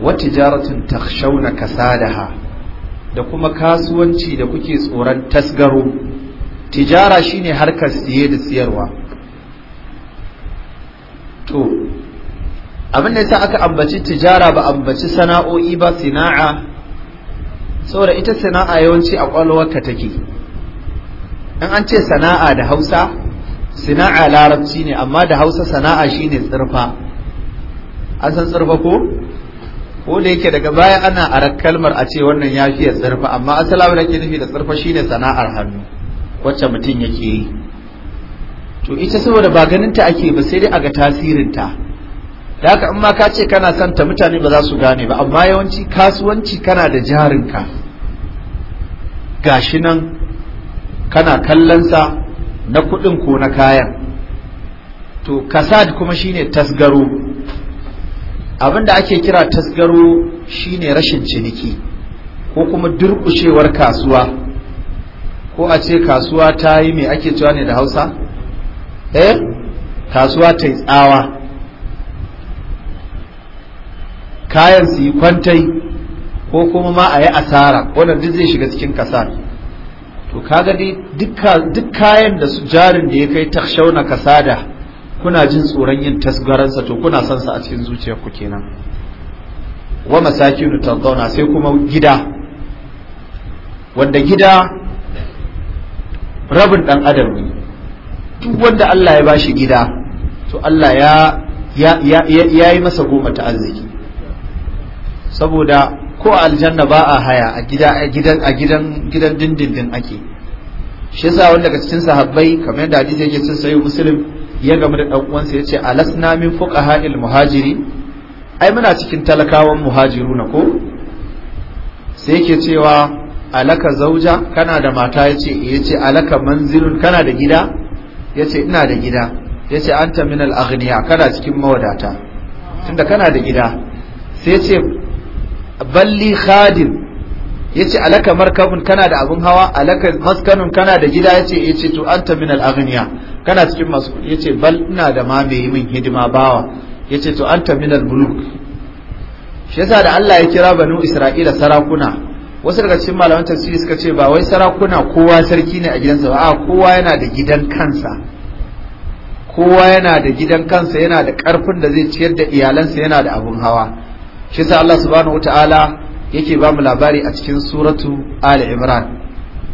wa tijaratin takhshawna kasadaha da kuma kasuwanci da kuke tsoron tasgaro tijara shine harkar siye da siyarwa to abin da yasa aka ambaci tijara ba ambaci sana'o'i ba sana'a. saboda ita sana'a yawanci a ƙwaƙwalwarka take in an ce sana'a da hausa sana'a larabci ne amma da hausa sana'a shi ne tsirfa an san tsirfa ko ko da yake daga baya ana a rakkalmar a ce wannan ya fiye tsirfa amma asalawa da ke nufi da tsirfa shi ne sana'ar hannu wacce mutum yake yi to ita saboda ba ganinta ta ake ba sai dai a ga tasirinta da haka in ma ka ce kana son ta mutane ba za su gane ba amma yawanci kasuwanci kana da jarinka gashi nan kana kallonsa na kuɗin ko na kayan to kasad kuma shine tasgaro abinda ake kira tasgaro shine rashin ciniki ko kuma durkushewar kasuwa ko a ce kasuwa ta yi mai ake cewa ne da hausa eh kasuwa ta yi tsawa kayan su yi kwantai ko kuma ma a yi asara wanda duk zai shiga cikin kasar to kaga dai duk kayan da su jarin da ya kai takshauna kasada kuna jin tsoron yin tasgaransa to kuna son sa a cikin ku kenan wa masakinu tarzauna sai kuma gida wanda gida rabin dan adam ne duk wanda Allah ya bashi gida to Allah ya ya ya yi masa goma ta arziki saboda ko aljanna ba a haya a gidan a gidan gidan dindindin ake shi yasa wanda daga cikin sahabbai kamar yadda hadisi yake cin sayi muslim ya gamu da dan uwansa yace alasna min al muhajiri ai muna cikin talakawan muhajiruna ko sai yake cewa alaka zauja kana da mata yace eh, yace alaka manzilun kana da gida yace ina da gida yace anta min al-aghniya kana cikin mawadata tunda kana da gida sai yace balli ya yace alaka markabun kana da abun hawa alaka maskanun kana da gida yace yace to anta min al aghniya kana cikin masu kudi yace bal ina da ma mai min hidima bawa yace to anta min al buluk shi yasa da Allah ya kira banu Isra'ila sarakuna wasu daga cikin malaman tafsiri suka ce ba wai sarakuna kowa sarki ne a gidansa ba a kowa yana da gidan kansa kowa yana da gidan kansa yana da karfin da zai ciyar da iyalansa yana da abun hawa shi sa Allah subhanahu wataala yake ba mu labari a cikin suratu Ali Imran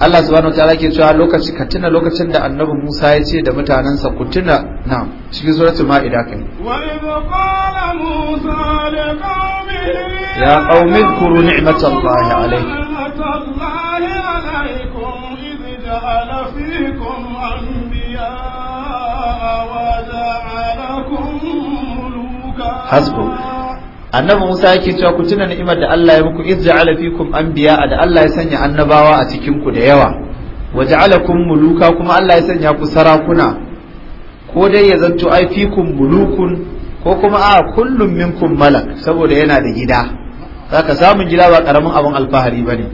Allah subhanahu wataala yake cewa lokaci ka tuna lokacin da Annabi Musa ya ce da mutanansa ku tuna na cikin suratu Ma'ida kai ya qaumi kuru ni'matallahi alaykum جعل فيكم أنبياء annabi Musa yake cewa ku tuna ni'imar da Allah ya muku izja'ala fikum anbiya da Allah ya sanya annabawa a cikin ku da yawa waje alakun muluka kuma Allah ya sanya ku sarakuna ko dai ya zanto ai fikum mulukun ko kuma a kullum minkum malak saboda yana da gida zaka samun gida ba karamin abin alfahari bane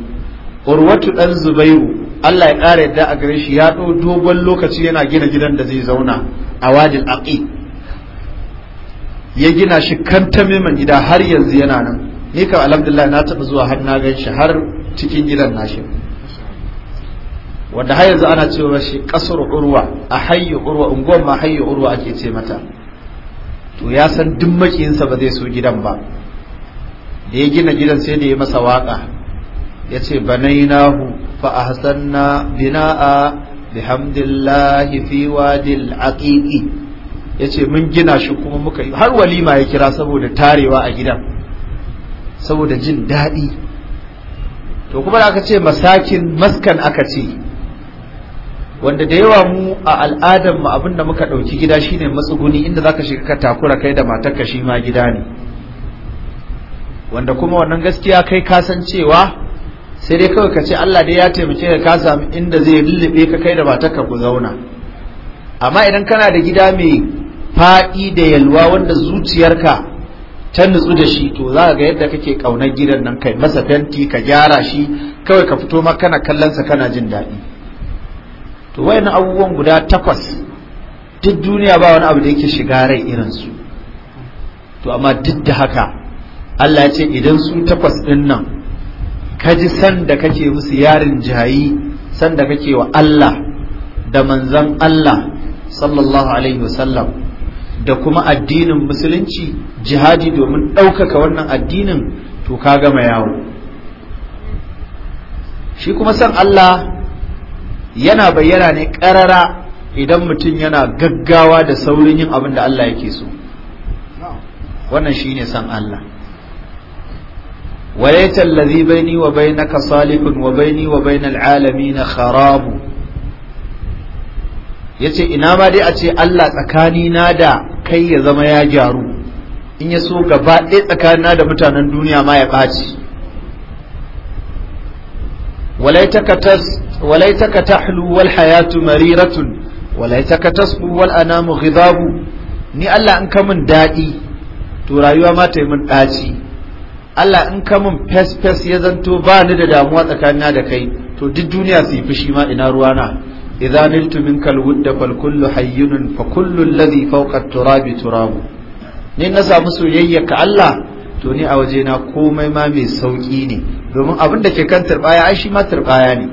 urwatu dan zubairu Allah ya kare yadda a gare shi ya dogon lokaci yana gina gidan da zai zauna a wajin aqiq ya gina shi kan ta meman gida har yanzu yana nan ni kam alhamdulillah na taɓa zuwa har na gan shi har cikin gidan nashi wanda har yanzu ana cewa shi kasar urwa a hayyu urwa unguwar ma hayyu urwa ake ce mata to ya san duk makiyinsa ba zai so gidan ba da ya gina gidan sai da ya masa waka ya ce banainahu fa ahsanna bina'a bihamdillahi fi wadil aqiqi ya ce mun gina shi kuma muka yi har walima ya kira saboda tarewa a gidan saboda jin daɗi to kuma da aka ce masakin maskan aka ce wanda da yawa mu a al'adarmu abinda muka ɗauki gida shine matsuguni inda za ka shiga ka takura kai da matarka shi ma gida ne wanda kuma wannan gaskiya kai kasancewa sai dai kawai ka ce Allah dai ya taimake ka ka samu inda zai lullube ka kai da ka ku zauna amma idan kana da gida mai faɗi da yalwa wanda zuciyarka ta nutsu da shi to za ga yadda kake ƙaunar gidan nan kai masa fenti ka gyara shi kawai ka fito ma kana sa kana jin daɗi to wayannan abubuwan guda takwas duk duniya ba wani abu da yake shiga rai irinsu to amma duk da haka Allah ya ce idan su takwas ɗin nan ka ji san da kake musu yarin jayi san da kake wa Allah da manzan Allah sallallahu alaihi wasallam da kuma addinin musulunci jihadi domin ɗaukaka wannan addinin to ka gama yawo shi kuma san Allah yana bayyana ne ƙarara idan mutum yana gaggawa da saurin yin abin da Allah yake so wannan shi ne san Allah walaita allazi baini wa bainaka salihun wa baini wa bainal alamin kharabu ya ce ina ma dai a ce Allah tsakani na da kai ya zama ya gyaru in ya so gaba ɗaya tsakanin na da mutanen duniya ma ya ɓaci walai walaitaka tahlu wal hayatu mariratun walaitaka tasbu wal anamu ghidabu ni Allah in ka daɗi to rayuwa ma ta yi min ɗaci Allah in kamun fes fes ya zanto ba ni da damuwa tsakanina da kai to duk duniya su yi fushi ma ina ruwana idza niltu minkal wudda fal kullu hayyun fa kullu alladhi fawqa turabi turabu ni na samu soyayya ka Allah to a waje na komai ma mai sauƙi ne domin abin da ke kan turbaya ai shi ma turbaya ne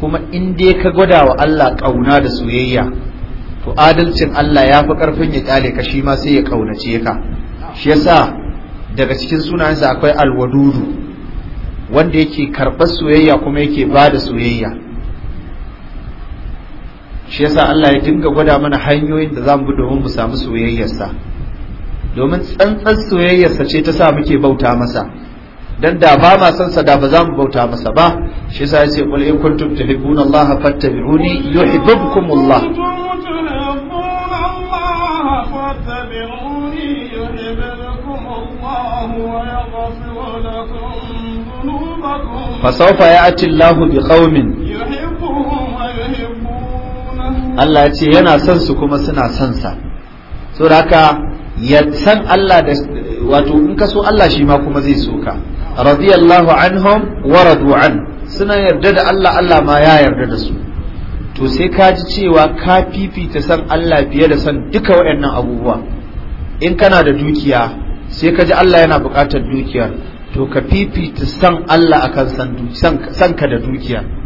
kuma in dai ka gwada wa Allah ƙauna da soyayya to adalcin Allah ya fi karfin ya kyale ka shima sai ya ƙaunace ka shi yasa daga cikin sunayensa akwai alwadudu wanda yake karɓar soyayya kuma yake ba da soyayya shi yasa Allah ya dinga gwada mana hanyoyin da zamu bi domin mu samu soyayyarsa domin tsantsan soyayyarsa ce ta sa muke bauta masa dan da ba ma san sa da ba za mu bauta masa ba shi yasa yace qul in kuntum tuhibbuna Allah fattabi'uni yuhibbukum فسوف يأتي الله بقوم Allah ya ce yana son su kuma suna son sa so haka ya san Allah da wato in ka so Allah shi ma kuma zai so ka radiyallahu anhum wa radu an suna yarda da Allah Allah ma ya yarda da su to sai ka ji cewa ka fifita san Allah fiye da san duka waɗannan abubuwa in kana da dukiya sai ka ji Allah yana buƙatar dukiyar to ka fifita san Allah akan san ka da dukiyar.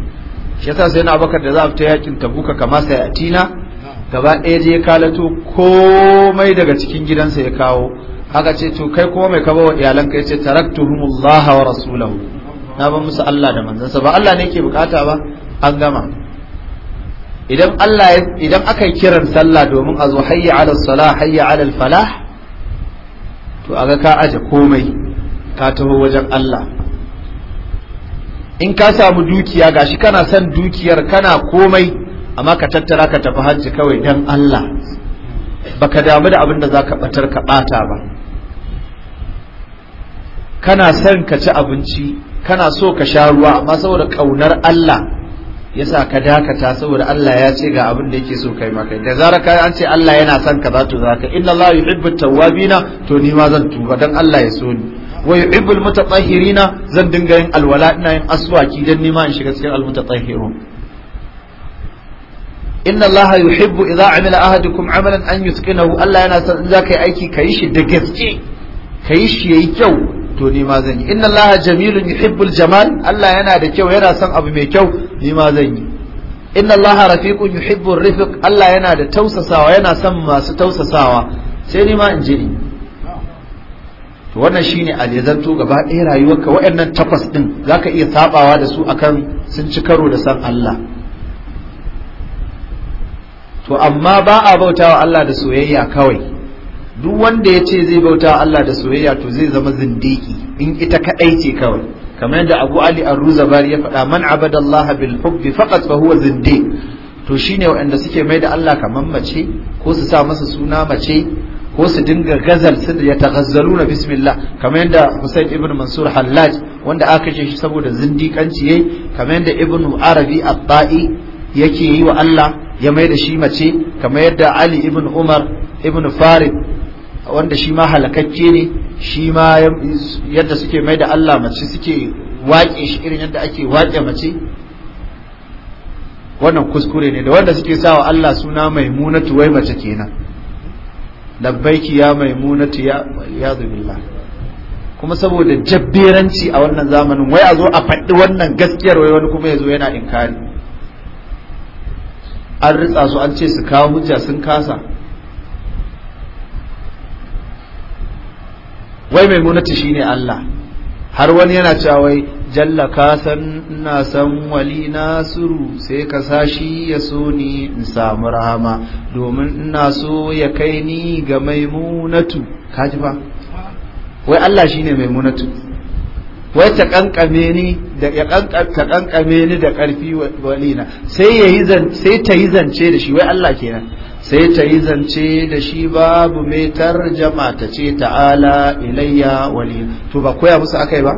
shi yasa sai na abakar da za a fita yakin tabuka kama sai a tina gaba ɗaya je kalato komai daga cikin gidansa ya kawo haka ce to kai kuma mai kaba wa iyalanka ya ce taraktuhumullah wa rasulahu na ba musu Allah da manzansa ba Allah ne ke bukata ba an gama idan Allah idan aka yi kiran sallah domin a zo hayya ala salah hayya ala falah to aga ka aje komai ka taho wajen Allah in ka samu dukiya gashi kana son dukiyar kana komai amma ka tattara ka tafi hajji kawai dan Allah baka damu da abin da zaka batar ka bata ba kana son ka ci abinci kana so ka sha ruwa amma saboda kaunar Allah yasa ka dakata saboda Allah ya ce ga abin da yake so kai maka da zarar ka an ce Allah yana son ka za to zaka inna Allah yuhibbu tawwabina to ni ma zan tuba dan Allah ya so ni wa yuhibbul mutatahhirina zan dinga yin alwala ina yin aswaki dan nima in shiga cikin almutatahhirun inna allaha yuhibbu idza amila ahadukum amalan an yutqinahu Allah yana son in zaka yi aiki kayi shi da gaske kayi shi yayi kyau to ni ma zan yi inna allaha jamilun yuhibbul jamal Allah yana da kyau yana son abu mai kyau ni ma zan yi inna allaha rafiqun yuhibbu rifq Allah yana da tausasawa yana son masu tausasawa sai ni ma in ji ni to wannan shine alizanto gaba ɗaya rayuwarka waɗannan takwas ɗin zaka iya sabawa da su akan sun ci karo da san Allah to amma ba a bauta wa Allah da soyayya kawai duk wanda ya ce zai bauta wa Allah da soyayya to zai zama zindiki in ita kaɗai ce kawai kamar yadda Abu Ali Ar-Ruzabari ya faɗa man abadallaha bil hubbi faqat fa huwa zindiq to shine waɗanda suke mai da Allah kamar mace ko su sa masa suna mace ko su dinga gazal su ya taghazzalu na bismillah kamar yadda Hussein ibn Mansur Hallaj wanda aka ce shi saboda zindikanci yayi kamar yadda Ibn Arabi Abba'i yake yi wa Allah ya mai da shi mace kamar yadda Ali ibn Umar ibn Farid wanda shi ma halakakke ne shi ma yadda suke mai da Allah mace suke waƙe shi irin yadda ake waƙe mace wannan kuskure ne da wanda suke sawa Allah suna maimunatu wai mace kenan labbaiki ya maimunatu ya ya zubillah kuma saboda jabberanci a wannan zamanin wai a zo a faɗi wannan gaskiyar wai wani kuma ya zo yana inkari an ritsa su an ce su kawo hujja sun kasa wai maimunatu shine Allah har wani yana cewa wai jalla ka san ina san wali nasiru sai ka sashi ya so ni in samu rahama domin ina so ya kai ni ga maimunatu kaji ba wai Allah shine maimunatu wai ta kankame ni da ya kankanta kankame ni da karfi walina sai ya yi sai ta yi zance da shi wai Allah kenan sai ta yi zance da shi babu mai tarjama ta ce ta'ala ilayya wali to ba koya musu akai ba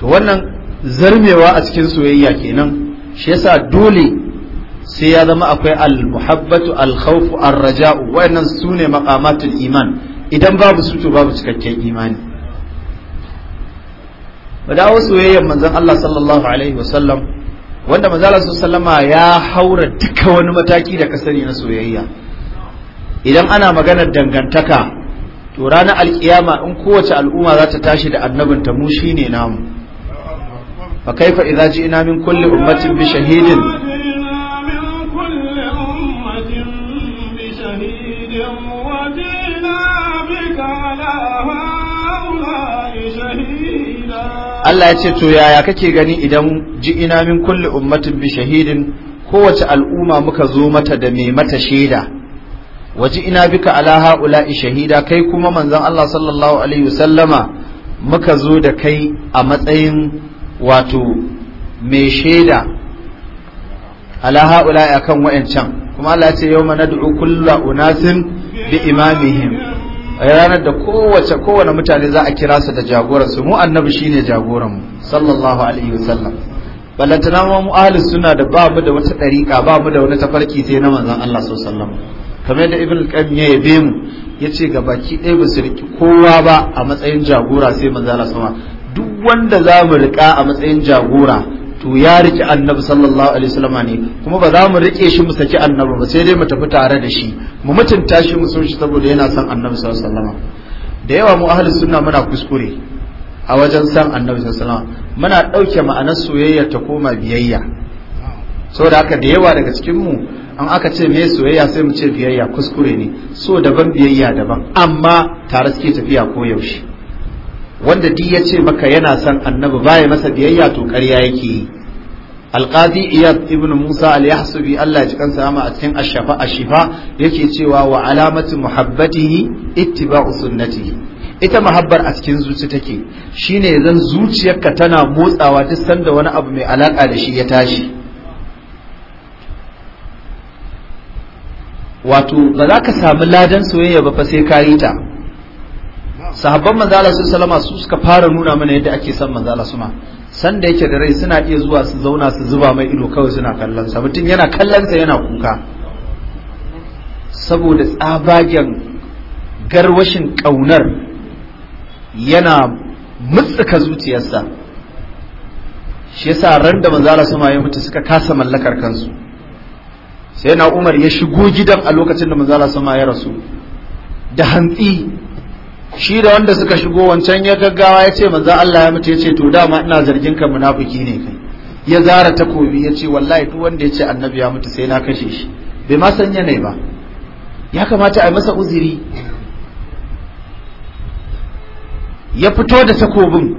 to wannan zarmewa a cikin soyayya kenan shi yasa dole sai ya zama akwai al-muhabbatu al-khawfu ar-raja'u wayannan sune maqamatul iman idan babu su to babu cikakken imani badawo soyayyar manzon Allah sallallahu alaihi wasallam wanda manzon Allah sallama ya haura duka wani mataki da kasari na soyayya idan ana maganar dangantaka to ranar alkiyama in kowace al'umma za ta tashi da annabinta mu shine namu fa إذا جئنا من min أمة ummatin Allah ya ce to yaya kake gani idan ji'ina min kulli ummatin bi shahidin kowace al'umma muka zo mata da mai mata shaida waji ina bika ala haula'i shahida kai kuma manzon Allah sallallahu alaihi wasallama muka zo da kai a matsayin wato mai shaida ala haula akan wayancan kuma Allah ya ce mana nad'u kullu unasin bi imamihim a ranar da kowace kowane mutane za a kira su da jagoransu mu annabi shine jagoran mu sallallahu alaihi wasallam ballantana ma mu ahlus sunna da ba mu da wata dariƙa ba mu da wani tafarki sai na manzon Allah sallallahu alaihi wasallam kamar da ibn al-qayyim ya yabe mu yace ga baki ɗaya ba su riki kowa ba a matsayin jagora sai manzon Allah sallallahu duk wanda za mu riƙa a matsayin jagora to ya riƙe annabi sallallahu alaihi wasallam ne kuma ba za mu riƙe shi mu saki annabi ba sai dai mu tafi tare da shi mu mutunta shi mu son saboda yana son annabi sallallahu alaihi wasallam da yawa mu ahli sunna muna kuskure a wajen san annabi sallallahu alaihi wasallam muna ɗauke ma'anar soyayya ta koma biyayya da haka da yawa daga cikin mu an aka ce me soyayya sai mu ce biyayya kuskure ne so daban biyayya daban amma tare suke tafiya ko yaushe wanda duk ya ce maka yana son annabi baya masa biyayya to ƙarya yake yi alqadi iyad ibn musa al-yahsubi Allah ya ji kansa ama a cikin ashafa ashifa yake cewa wa alamatu muhabbatihi ittiba'u sunnatihi ita mahabbar a cikin zuci take shine zan zuciyarka tana motsawa duk sanda wani abu mai alaka da shi ya tashi wato ba za ka samu ladan soyayya ba fa sai ka yi ta sahabban manzala su salama su suka fara nuna mana yadda ake san manzala su san da yake da rai suna iya zuwa su zauna su zuba mai ido kawai suna kallon sa mutum yana kallon sa yana kuka saboda tsabagen garwashin kaunar yana mutsuka zuciyarsa shi yasa ran da manzala ya mutu suka kasa mallakar kansu sai na umar ya shigo gidan a lokacin da manzala ya rasu da hantsi shi da wanda suka shigo wancan ya gaggawa ya ce manzan Allah ya mutu ya ce to dama ina zargin ka munafiki ne kai ya zara takobi ya ce wallahi duk wanda ya ce annabi ya mutu sai na kashe shi bai ma san yanayi ba ya kamata a yi masa uziri ya fito da takobin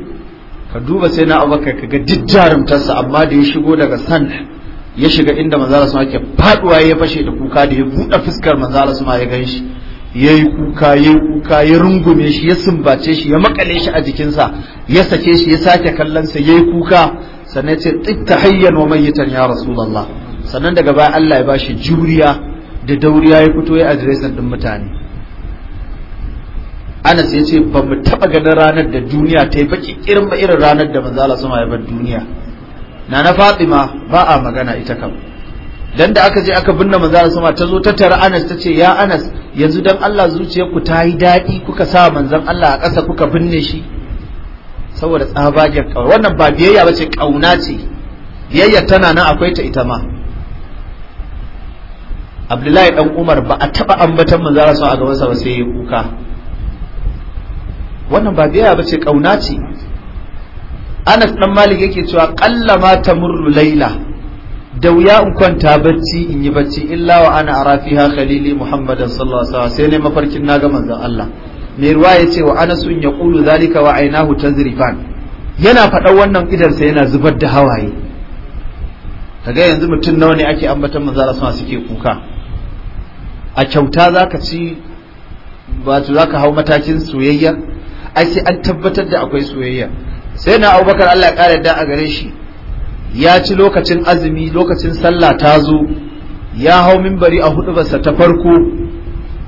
ka duba sai na abubakar ka ga duk jarumtarsa amma da ya shigo daga san ya shiga inda manzala suma ke faduwa ya fashe da kuka da ya buɗe fuskar manzala suma ya gan shi ya yi kuka ya yi kuka ya rungume shi ya sumbace shi ya makale shi a jikinsa ya sake shi ya sake kallonsa ya yi kuka sannan ce tsibta hayyan wa mayyitan ya Allah sannan daga baya Allah ya bashi juriya da dauriya ya fito ya adiresan din mutane Anas ya ce ba mu taba ganin ranar da duniya ta yi baki irin ba irin ranar da manzo Allah ya bar duniya na na Fatima ba a magana ita kam dan da aka je aka binne manzo Allah sama ta zo ta tara Anas ta ce ya Anas yanzu dan Allah ku ta yi daɗi kuka sa manzon Allah a ƙasa kuka binne shi saboda tsabagen ƙauna wannan ba biyayya ba ce ƙauna ce biyayya tana nan akwai ta ita ma Abdullahi dan Umar ba a taɓa ambatan manzon Allah a gabansa ba sai ya kuka wannan ba biyayya ba ce ƙauna ce Anas dan Malik yake cewa qallama tamurru laila da wuya in kwanta bacci in yi bacci illa wa ana arafiha khalili muhammadan sallallahu alaihi wasallam sai ne mafarkin naga manzon Allah mai ruwa ya ce wa ana ya yaqulu zalika wa ainahu tazrifan yana faɗan wannan idan sa yana zubar da hawaye kaga yanzu mutum nawa ne ake ambatan manzon Allah suke kuka a kyauta zaka ci ba tu zaka hau matakin soyayya ai sai an tabbatar da akwai soyayya sai na Abubakar Allah ya kare da a gare shi ya ci lokacin azumi lokacin sallah ta zo ya hau mimbari a hudubarsa ta farko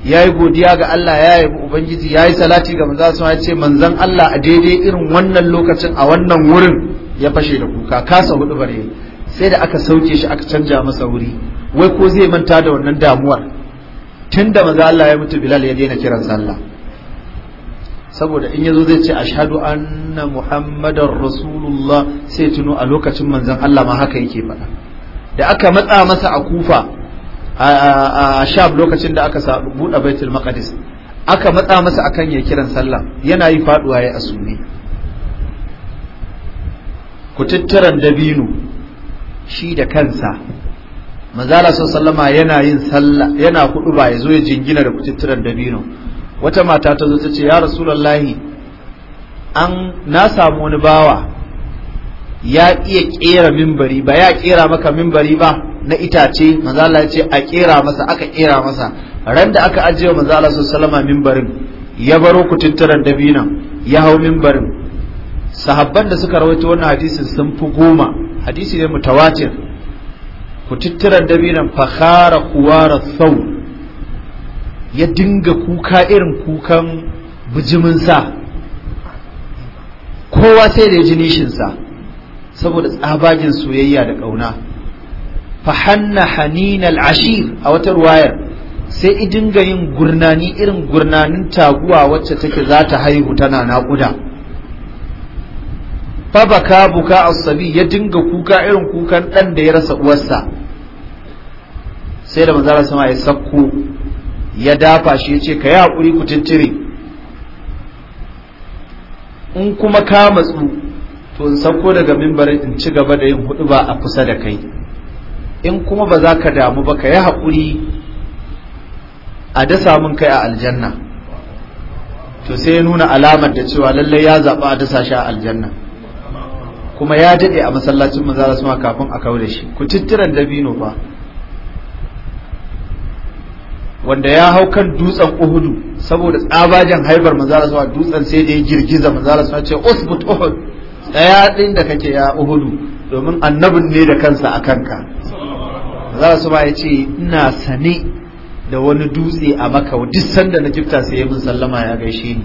ya yi godiya ga Allah ya yi ubangiji ya yi salati ga manzan sun ce manzon Allah a daidai irin wannan lokacin a wannan wurin ya fashe da kuka kasa hudubar ya sai da aka sauke shi aka canja masa wuri wai ko zai manta da wannan damuwar tun da maza Allah ya mutu Bilal ya daina kiran sallah saboda in yazo zai ce ashhadu anna muhammadar rasulullah sai tuno a lokacin manzon Allah ma haka yake faɗa da aka matsa masa a kufa a shab lokacin da aka buɗe baitul maqdis aka matsa masa akan ya kiran sallah yana yi faduwa ya asumi ku tattaran dabino shi da kansa manzala sallama yana yin sallah yana kudu ba yazo ya jingina da kututturan dabino wata mata ta zo ta ce ya rasulallahi an na samu wani bawa ya iya kera mimbari ba ya kera maka mimbari ba na itace manzala ya ce a kera masa aka kera masa ran da aka ajiye manzala su salama mimbarin ya baro ku tintiran dabina ya hau mimbarin sahabban da suka rawaito wannan hadisin sun fi goma hadisi ne mutawatir ku tintiran dabinan fakhara kuwara thawb ya dinga kuka irin kukan bijiminsa kowa sai da ya ji nishinsa saboda tsabagen soyayya da ƙauna fahanna haninal ashir a wata ruwayar sai i dinga yin gurnani irin gurnanin taguwa wacce take za ta haihu tana naƙuda fabaka buka asabi ya dinga kuka irin kukan ɗan da ya rasa uwarsa sai da manzara sama ya sakko ya dafa shi ya ce ka yi haƙuri ku tuntire in kuma ka matsu to in sauko daga mimbarin in ci gaba da yin hudu ba a kusa da kai in kuma ba za ka damu ba ka yi haƙuri a dasa mun kai a aljanna to sai ya nuna alamar da cewa lallai ya zaɓa a dasa shi a aljanna kuma ya daɗe a masallacin manzara suna kafin a kawo da shi ku tuttiran dabino ba wanda ya hau kan dutsen uhudu saboda tsabajen haibar manzara sama dutsen sai dai ya girgiza manzara sama ce usbut uhud tsaya din da kake ya uhudu domin annabin ne da kansa a kanka manzara ya ce ina sane da wani dutse a maka duk sanda na jifta sai ya min sallama ya gaishe ni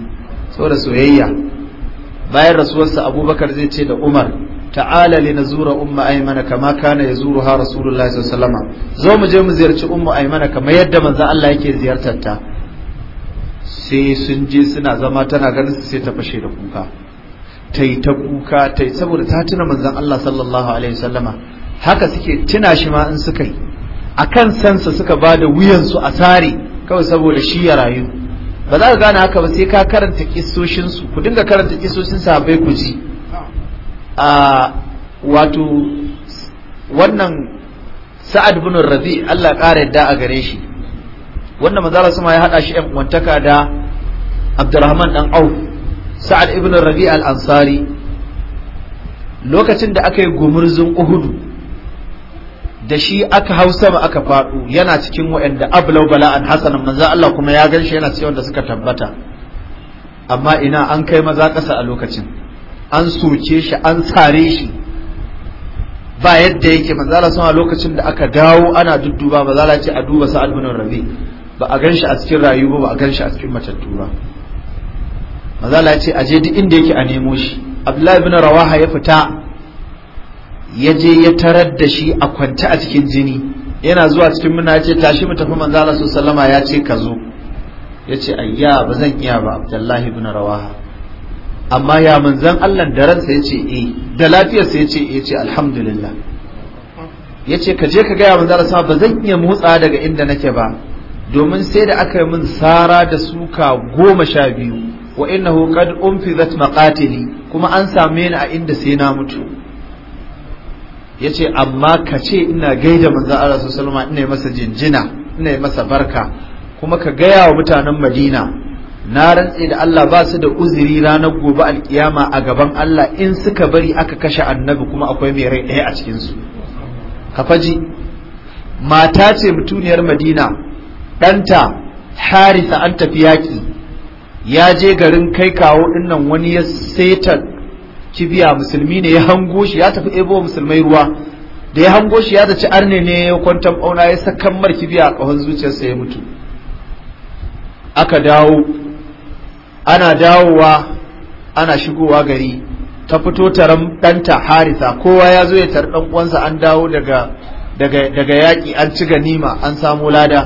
saboda soyayya bayan rasuwarsa abubakar zai ce da umar ta'ala li nazura umma aymana kama kana yazuruha rasulullahi sallallahu alaihi wasallam zo mu je mu ziyarci umma aymana kamar yadda manzo Allah yake ziyartar ta sai sun je suna zama tana ganin su sai ta fashe da kuka ta ta kuka ta saboda ta tuna manzon Allah sallallahu alaihi wasallama haka suke tuna shi ma in suka yi akan sansa suka ba da wuyansu a tare kawai saboda shi ya rayu ba za ka gane haka ba sai ka karanta su ku dinga karanta kissoshin sahabbai ku ji a wato wannan sa'ad bin rabi Allah ƙara yadda a gare shi wanda mazala sama ya haɗa shi ‘yan uwantaka da abdurrahman ɗan auf sa'ad ibn rabi al-ansari lokacin da aka yi gumurzun uhudu da shi aka hau sama aka faɗo yana cikin waɗanda ablau an hasan manzo Allah kuma ya gan shi yana cikin wanda suka tabbata amma ina an kai maza ƙasa a lokacin an soke shi an tsare shi ba yadda yake manzala sun a lokacin da aka dawo ana dudduba manzala ce a duba sa'ad bin rabi ba a ganshi a cikin rayu ba ba a ganshi a cikin matattu ba manzala ce a je duk inda yake a nemo shi abdullahi bin rawaha ya fita ya je ya tarar da shi a kwance a cikin jini yana zuwa cikin muna ya ce tashi mu tafi manzala sallama ya ce ka zo ya ce ayya ba zan iya ba abdullahi bin rawaha amma ya manzan Allah da ransa ya ce e, da lafiyar sa ya ce e, ya ce alhamdulillah ya ce ka je ka gaya manzan Allah ba zan iya motsa daga inda nake ba domin sai da aka yi min sara da suka goma sha biyu wa innahu qad umfizat maqatili kuma an same ni a inda sai na mutu Ya ce amma ka ce ina gaida manzan Allah sallallahu alaihi wasallam ina masa jinjina ina masa barka kuma ka gaya wa mutanen Madina na rantse da Allah ba su da uzuri ranar gobe alkiyama a gaban Allah in suka bari aka kashe annabi kuma akwai mai rai ɗaya a cikinsu kafaji mata ce mutuniyar madina ɗanta harisa an tafi yaƙi ya je garin kai kawo ɗinnan wani ya seta kibiya musulmi ne ya hango shi ya tafi ebo musulmai ruwa da ya hango shi ya zaci arne ne ya kwantar ɓauna ya sakan mar kibiya a ƙahon zuciyarsa ya mutu aka dawo ana dawowa ana shigowa gari ta fito taron ɗanta harisa kowa ya zo ya tarɗan uwansa an dawo daga daga yaƙi an ci ganima an samu lada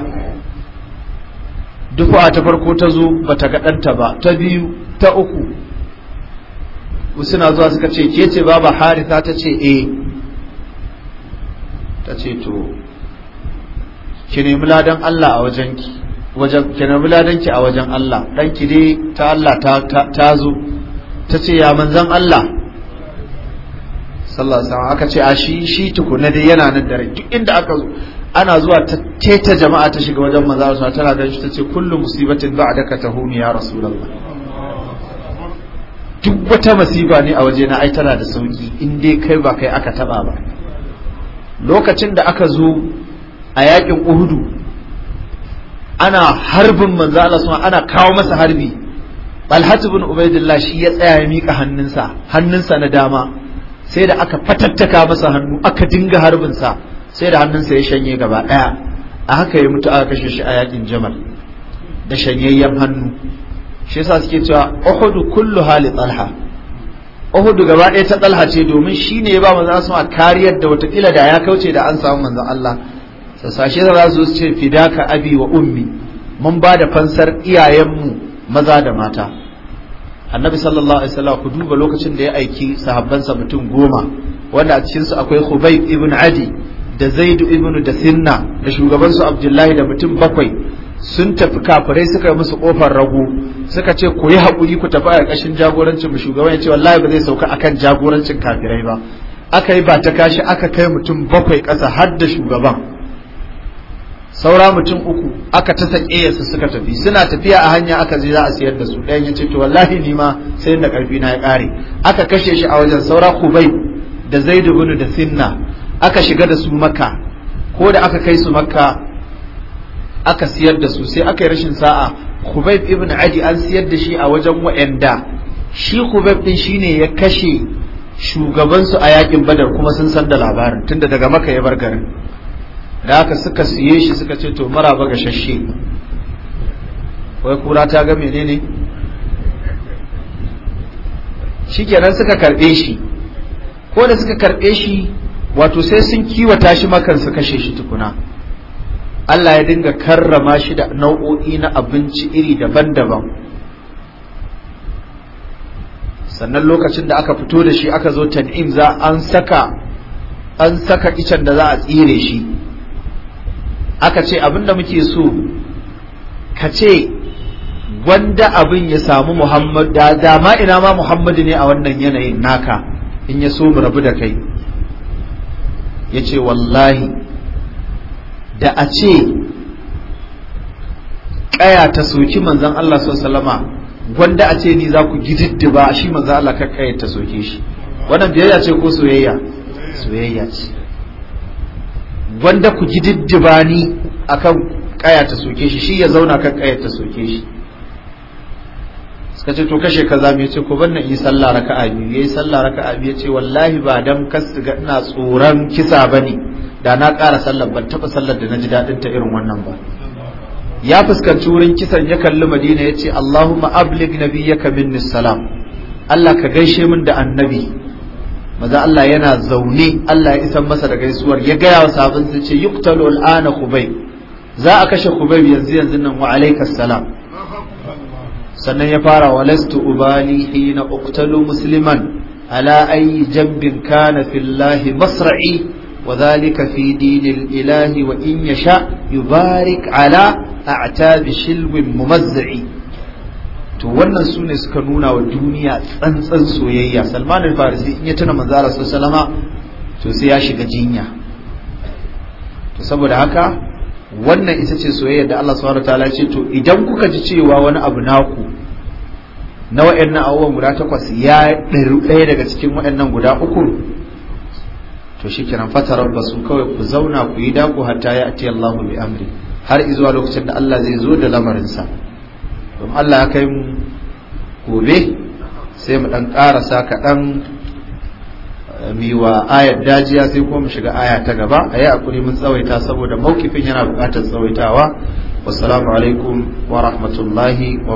dufa ta farko ta zo ba ta ga ɗanta ba ta biyu ta uku suna zuwa suka ce ke ce baba harisa ta ce e ta ce to ki nemi ladan Allah a wajenki wajen kenan wuladanki a wajen Allah ɗanki dai ta Allah ta zo ta ce ya manzan Allah sallallahu alaihi aka ce a shi shi tukuna dai yana nan da rai duk inda aka zo ana zuwa ta teta jama'a ta shiga wajen manzan Allah tana ga shi tace kullu musibatin ba'daka tahuni ya rasulullah duk wata masiba ne a waje na ai tana da sauki in dai kai ba kai aka taba ba lokacin da aka zo a yakin Uhudu ana harbin manzo Allah sun ana kawo masa harbi Talhat ibn Ubaidillah shi ya tsaya ya mika hannunsa hannunsa na dama sai da aka fatattaka masa hannu aka dinga harbin sa sai da hannunsa ya shanye gaba daya a haka ya mutu aka kashe shi a yakin Jamal da shanyayyen hannu shi yasa suke cewa Uhud kullu hali Talha Uhud gaba daya ta Talha ce domin shine ya ba manzo Allah kariyar da watakila da ya kauce da an samu manzo Allah da sashe za su ce fidaka abi wa ummi mun ba da fansar iyayenmu maza da mata annabi sallallahu alaihi wasallam ku duba lokacin da ya aiki sahabbansa mutum goma wanda a cikin su akwai khubayb ibn Adi da Zaid ibn Dasinna da shugaban su Abdullahi da mutum bakwai sun tafi kafirai suka yi musu kofar rago suka ce ku yi haƙuri ku tafi a ƙashin jagorancin mu shugaban ya ce wallahi ba zai sauka akan jagorancin kafirai ba aka yi ba ta kashi aka kai mutum bakwai ƙasa har da shugaban saura mutum uku aka ta sake suka tafi suna tafiya a hanya aka je za a siyar da su ɗayan ya ce to wallahi ni ma sai da karfi na ya ƙare aka kashe shi a wajen saura kubai da zaidu bin da sinna aka shiga da su makka ko da aka kai su makka aka siyar da su sai aka yi rashin sa'a kubaib ibn adi an siyar da shi a wajen wa'anda shi kubai din shine ya kashe shugabansu a yakin badar kuma sun san da labarin tunda daga maka ya bar garin da aka suka siye shi suka ce to maraba ga shashe wai kura ta ga shi kenan suka karɓe shi ko da suka karbe shi wato sai sun kiwata shi makan su kashe shi tukuna Allah ya dinga karrama shi da nau'o'i na abinci iri daban-daban sannan lokacin da aka fito da shi aka zo tan'im za an saka an saka icen da za a tsire shi aka ce abinda muke so ka ce gwanda abin ya samu muhammad da dama ina ma muhammadu ne a wannan yanayin naka in ya so mu rabu da kai ya ce wallahi da a ce kaya ta soki manzan Allah sallama gwanda a ce ni za ku gididdiba shi manzan Allah ka kaya ta soke shi wannan biyayya ce ko soyayya soyayya ce gwanda ku ji ni akan kaya ta soke shi shi ya zauna kan kaya ta soke shi suka ce to kashe kaza me yace ko banna yi sallah raka'a biyu yayi sallah raka'a biyu yace wallahi ba dan kasu ga ina tsoron kisa bane da na ƙara sallar ban taba sallar da naji dadin ta irin wannan ba ya fuskanci wurin kisan ya kalli Madina yace Allahumma ablig nabiyyaka minni salam Allah ka gaishe min da annabi maza Allah yana zaune Allah ya isan masa da gaisuwar ya gaya wa sabon su ce yuqtalu al'ana kubay za a kashe kubay yanzu yanzu nan wa alaikas salam sannan ya fara wa lastu ubali hina uqtalu musliman ala ayi jambin kana fillahi masra'i وذلك في دين الإله وإن يشاء يبارك على أعتاب شلو ممزعي to wannan su ne suka nuna wa duniya tsantsan soyayya salman al-farisi in ya tuna manzara sun salama to sai ya shiga jinya to saboda haka wannan ita ce soyayya da Allah subhanahu wataala ce to idan kuka ji cewa wani abu naku na waannan abubuwan guda takwas ya ɗaru ɗaya daga cikin wayannan guda uku to shi kiran fatarar ba su kawai ku zauna ku yi dako hatta ya ati Allahu bi amri har izuwa lokacin da Allah zai zo da lamarinsa don Allah ya kai mu gobe sai mu ɗan ƙarasa kaɗan eh, wa ayar dajiya sai kuma mu shiga aya ta gaba a yi hakuri mun tsawaita saboda mawkifin yana bukatar tsawaitawa wassalamu alaikum wa rahmatullahi wa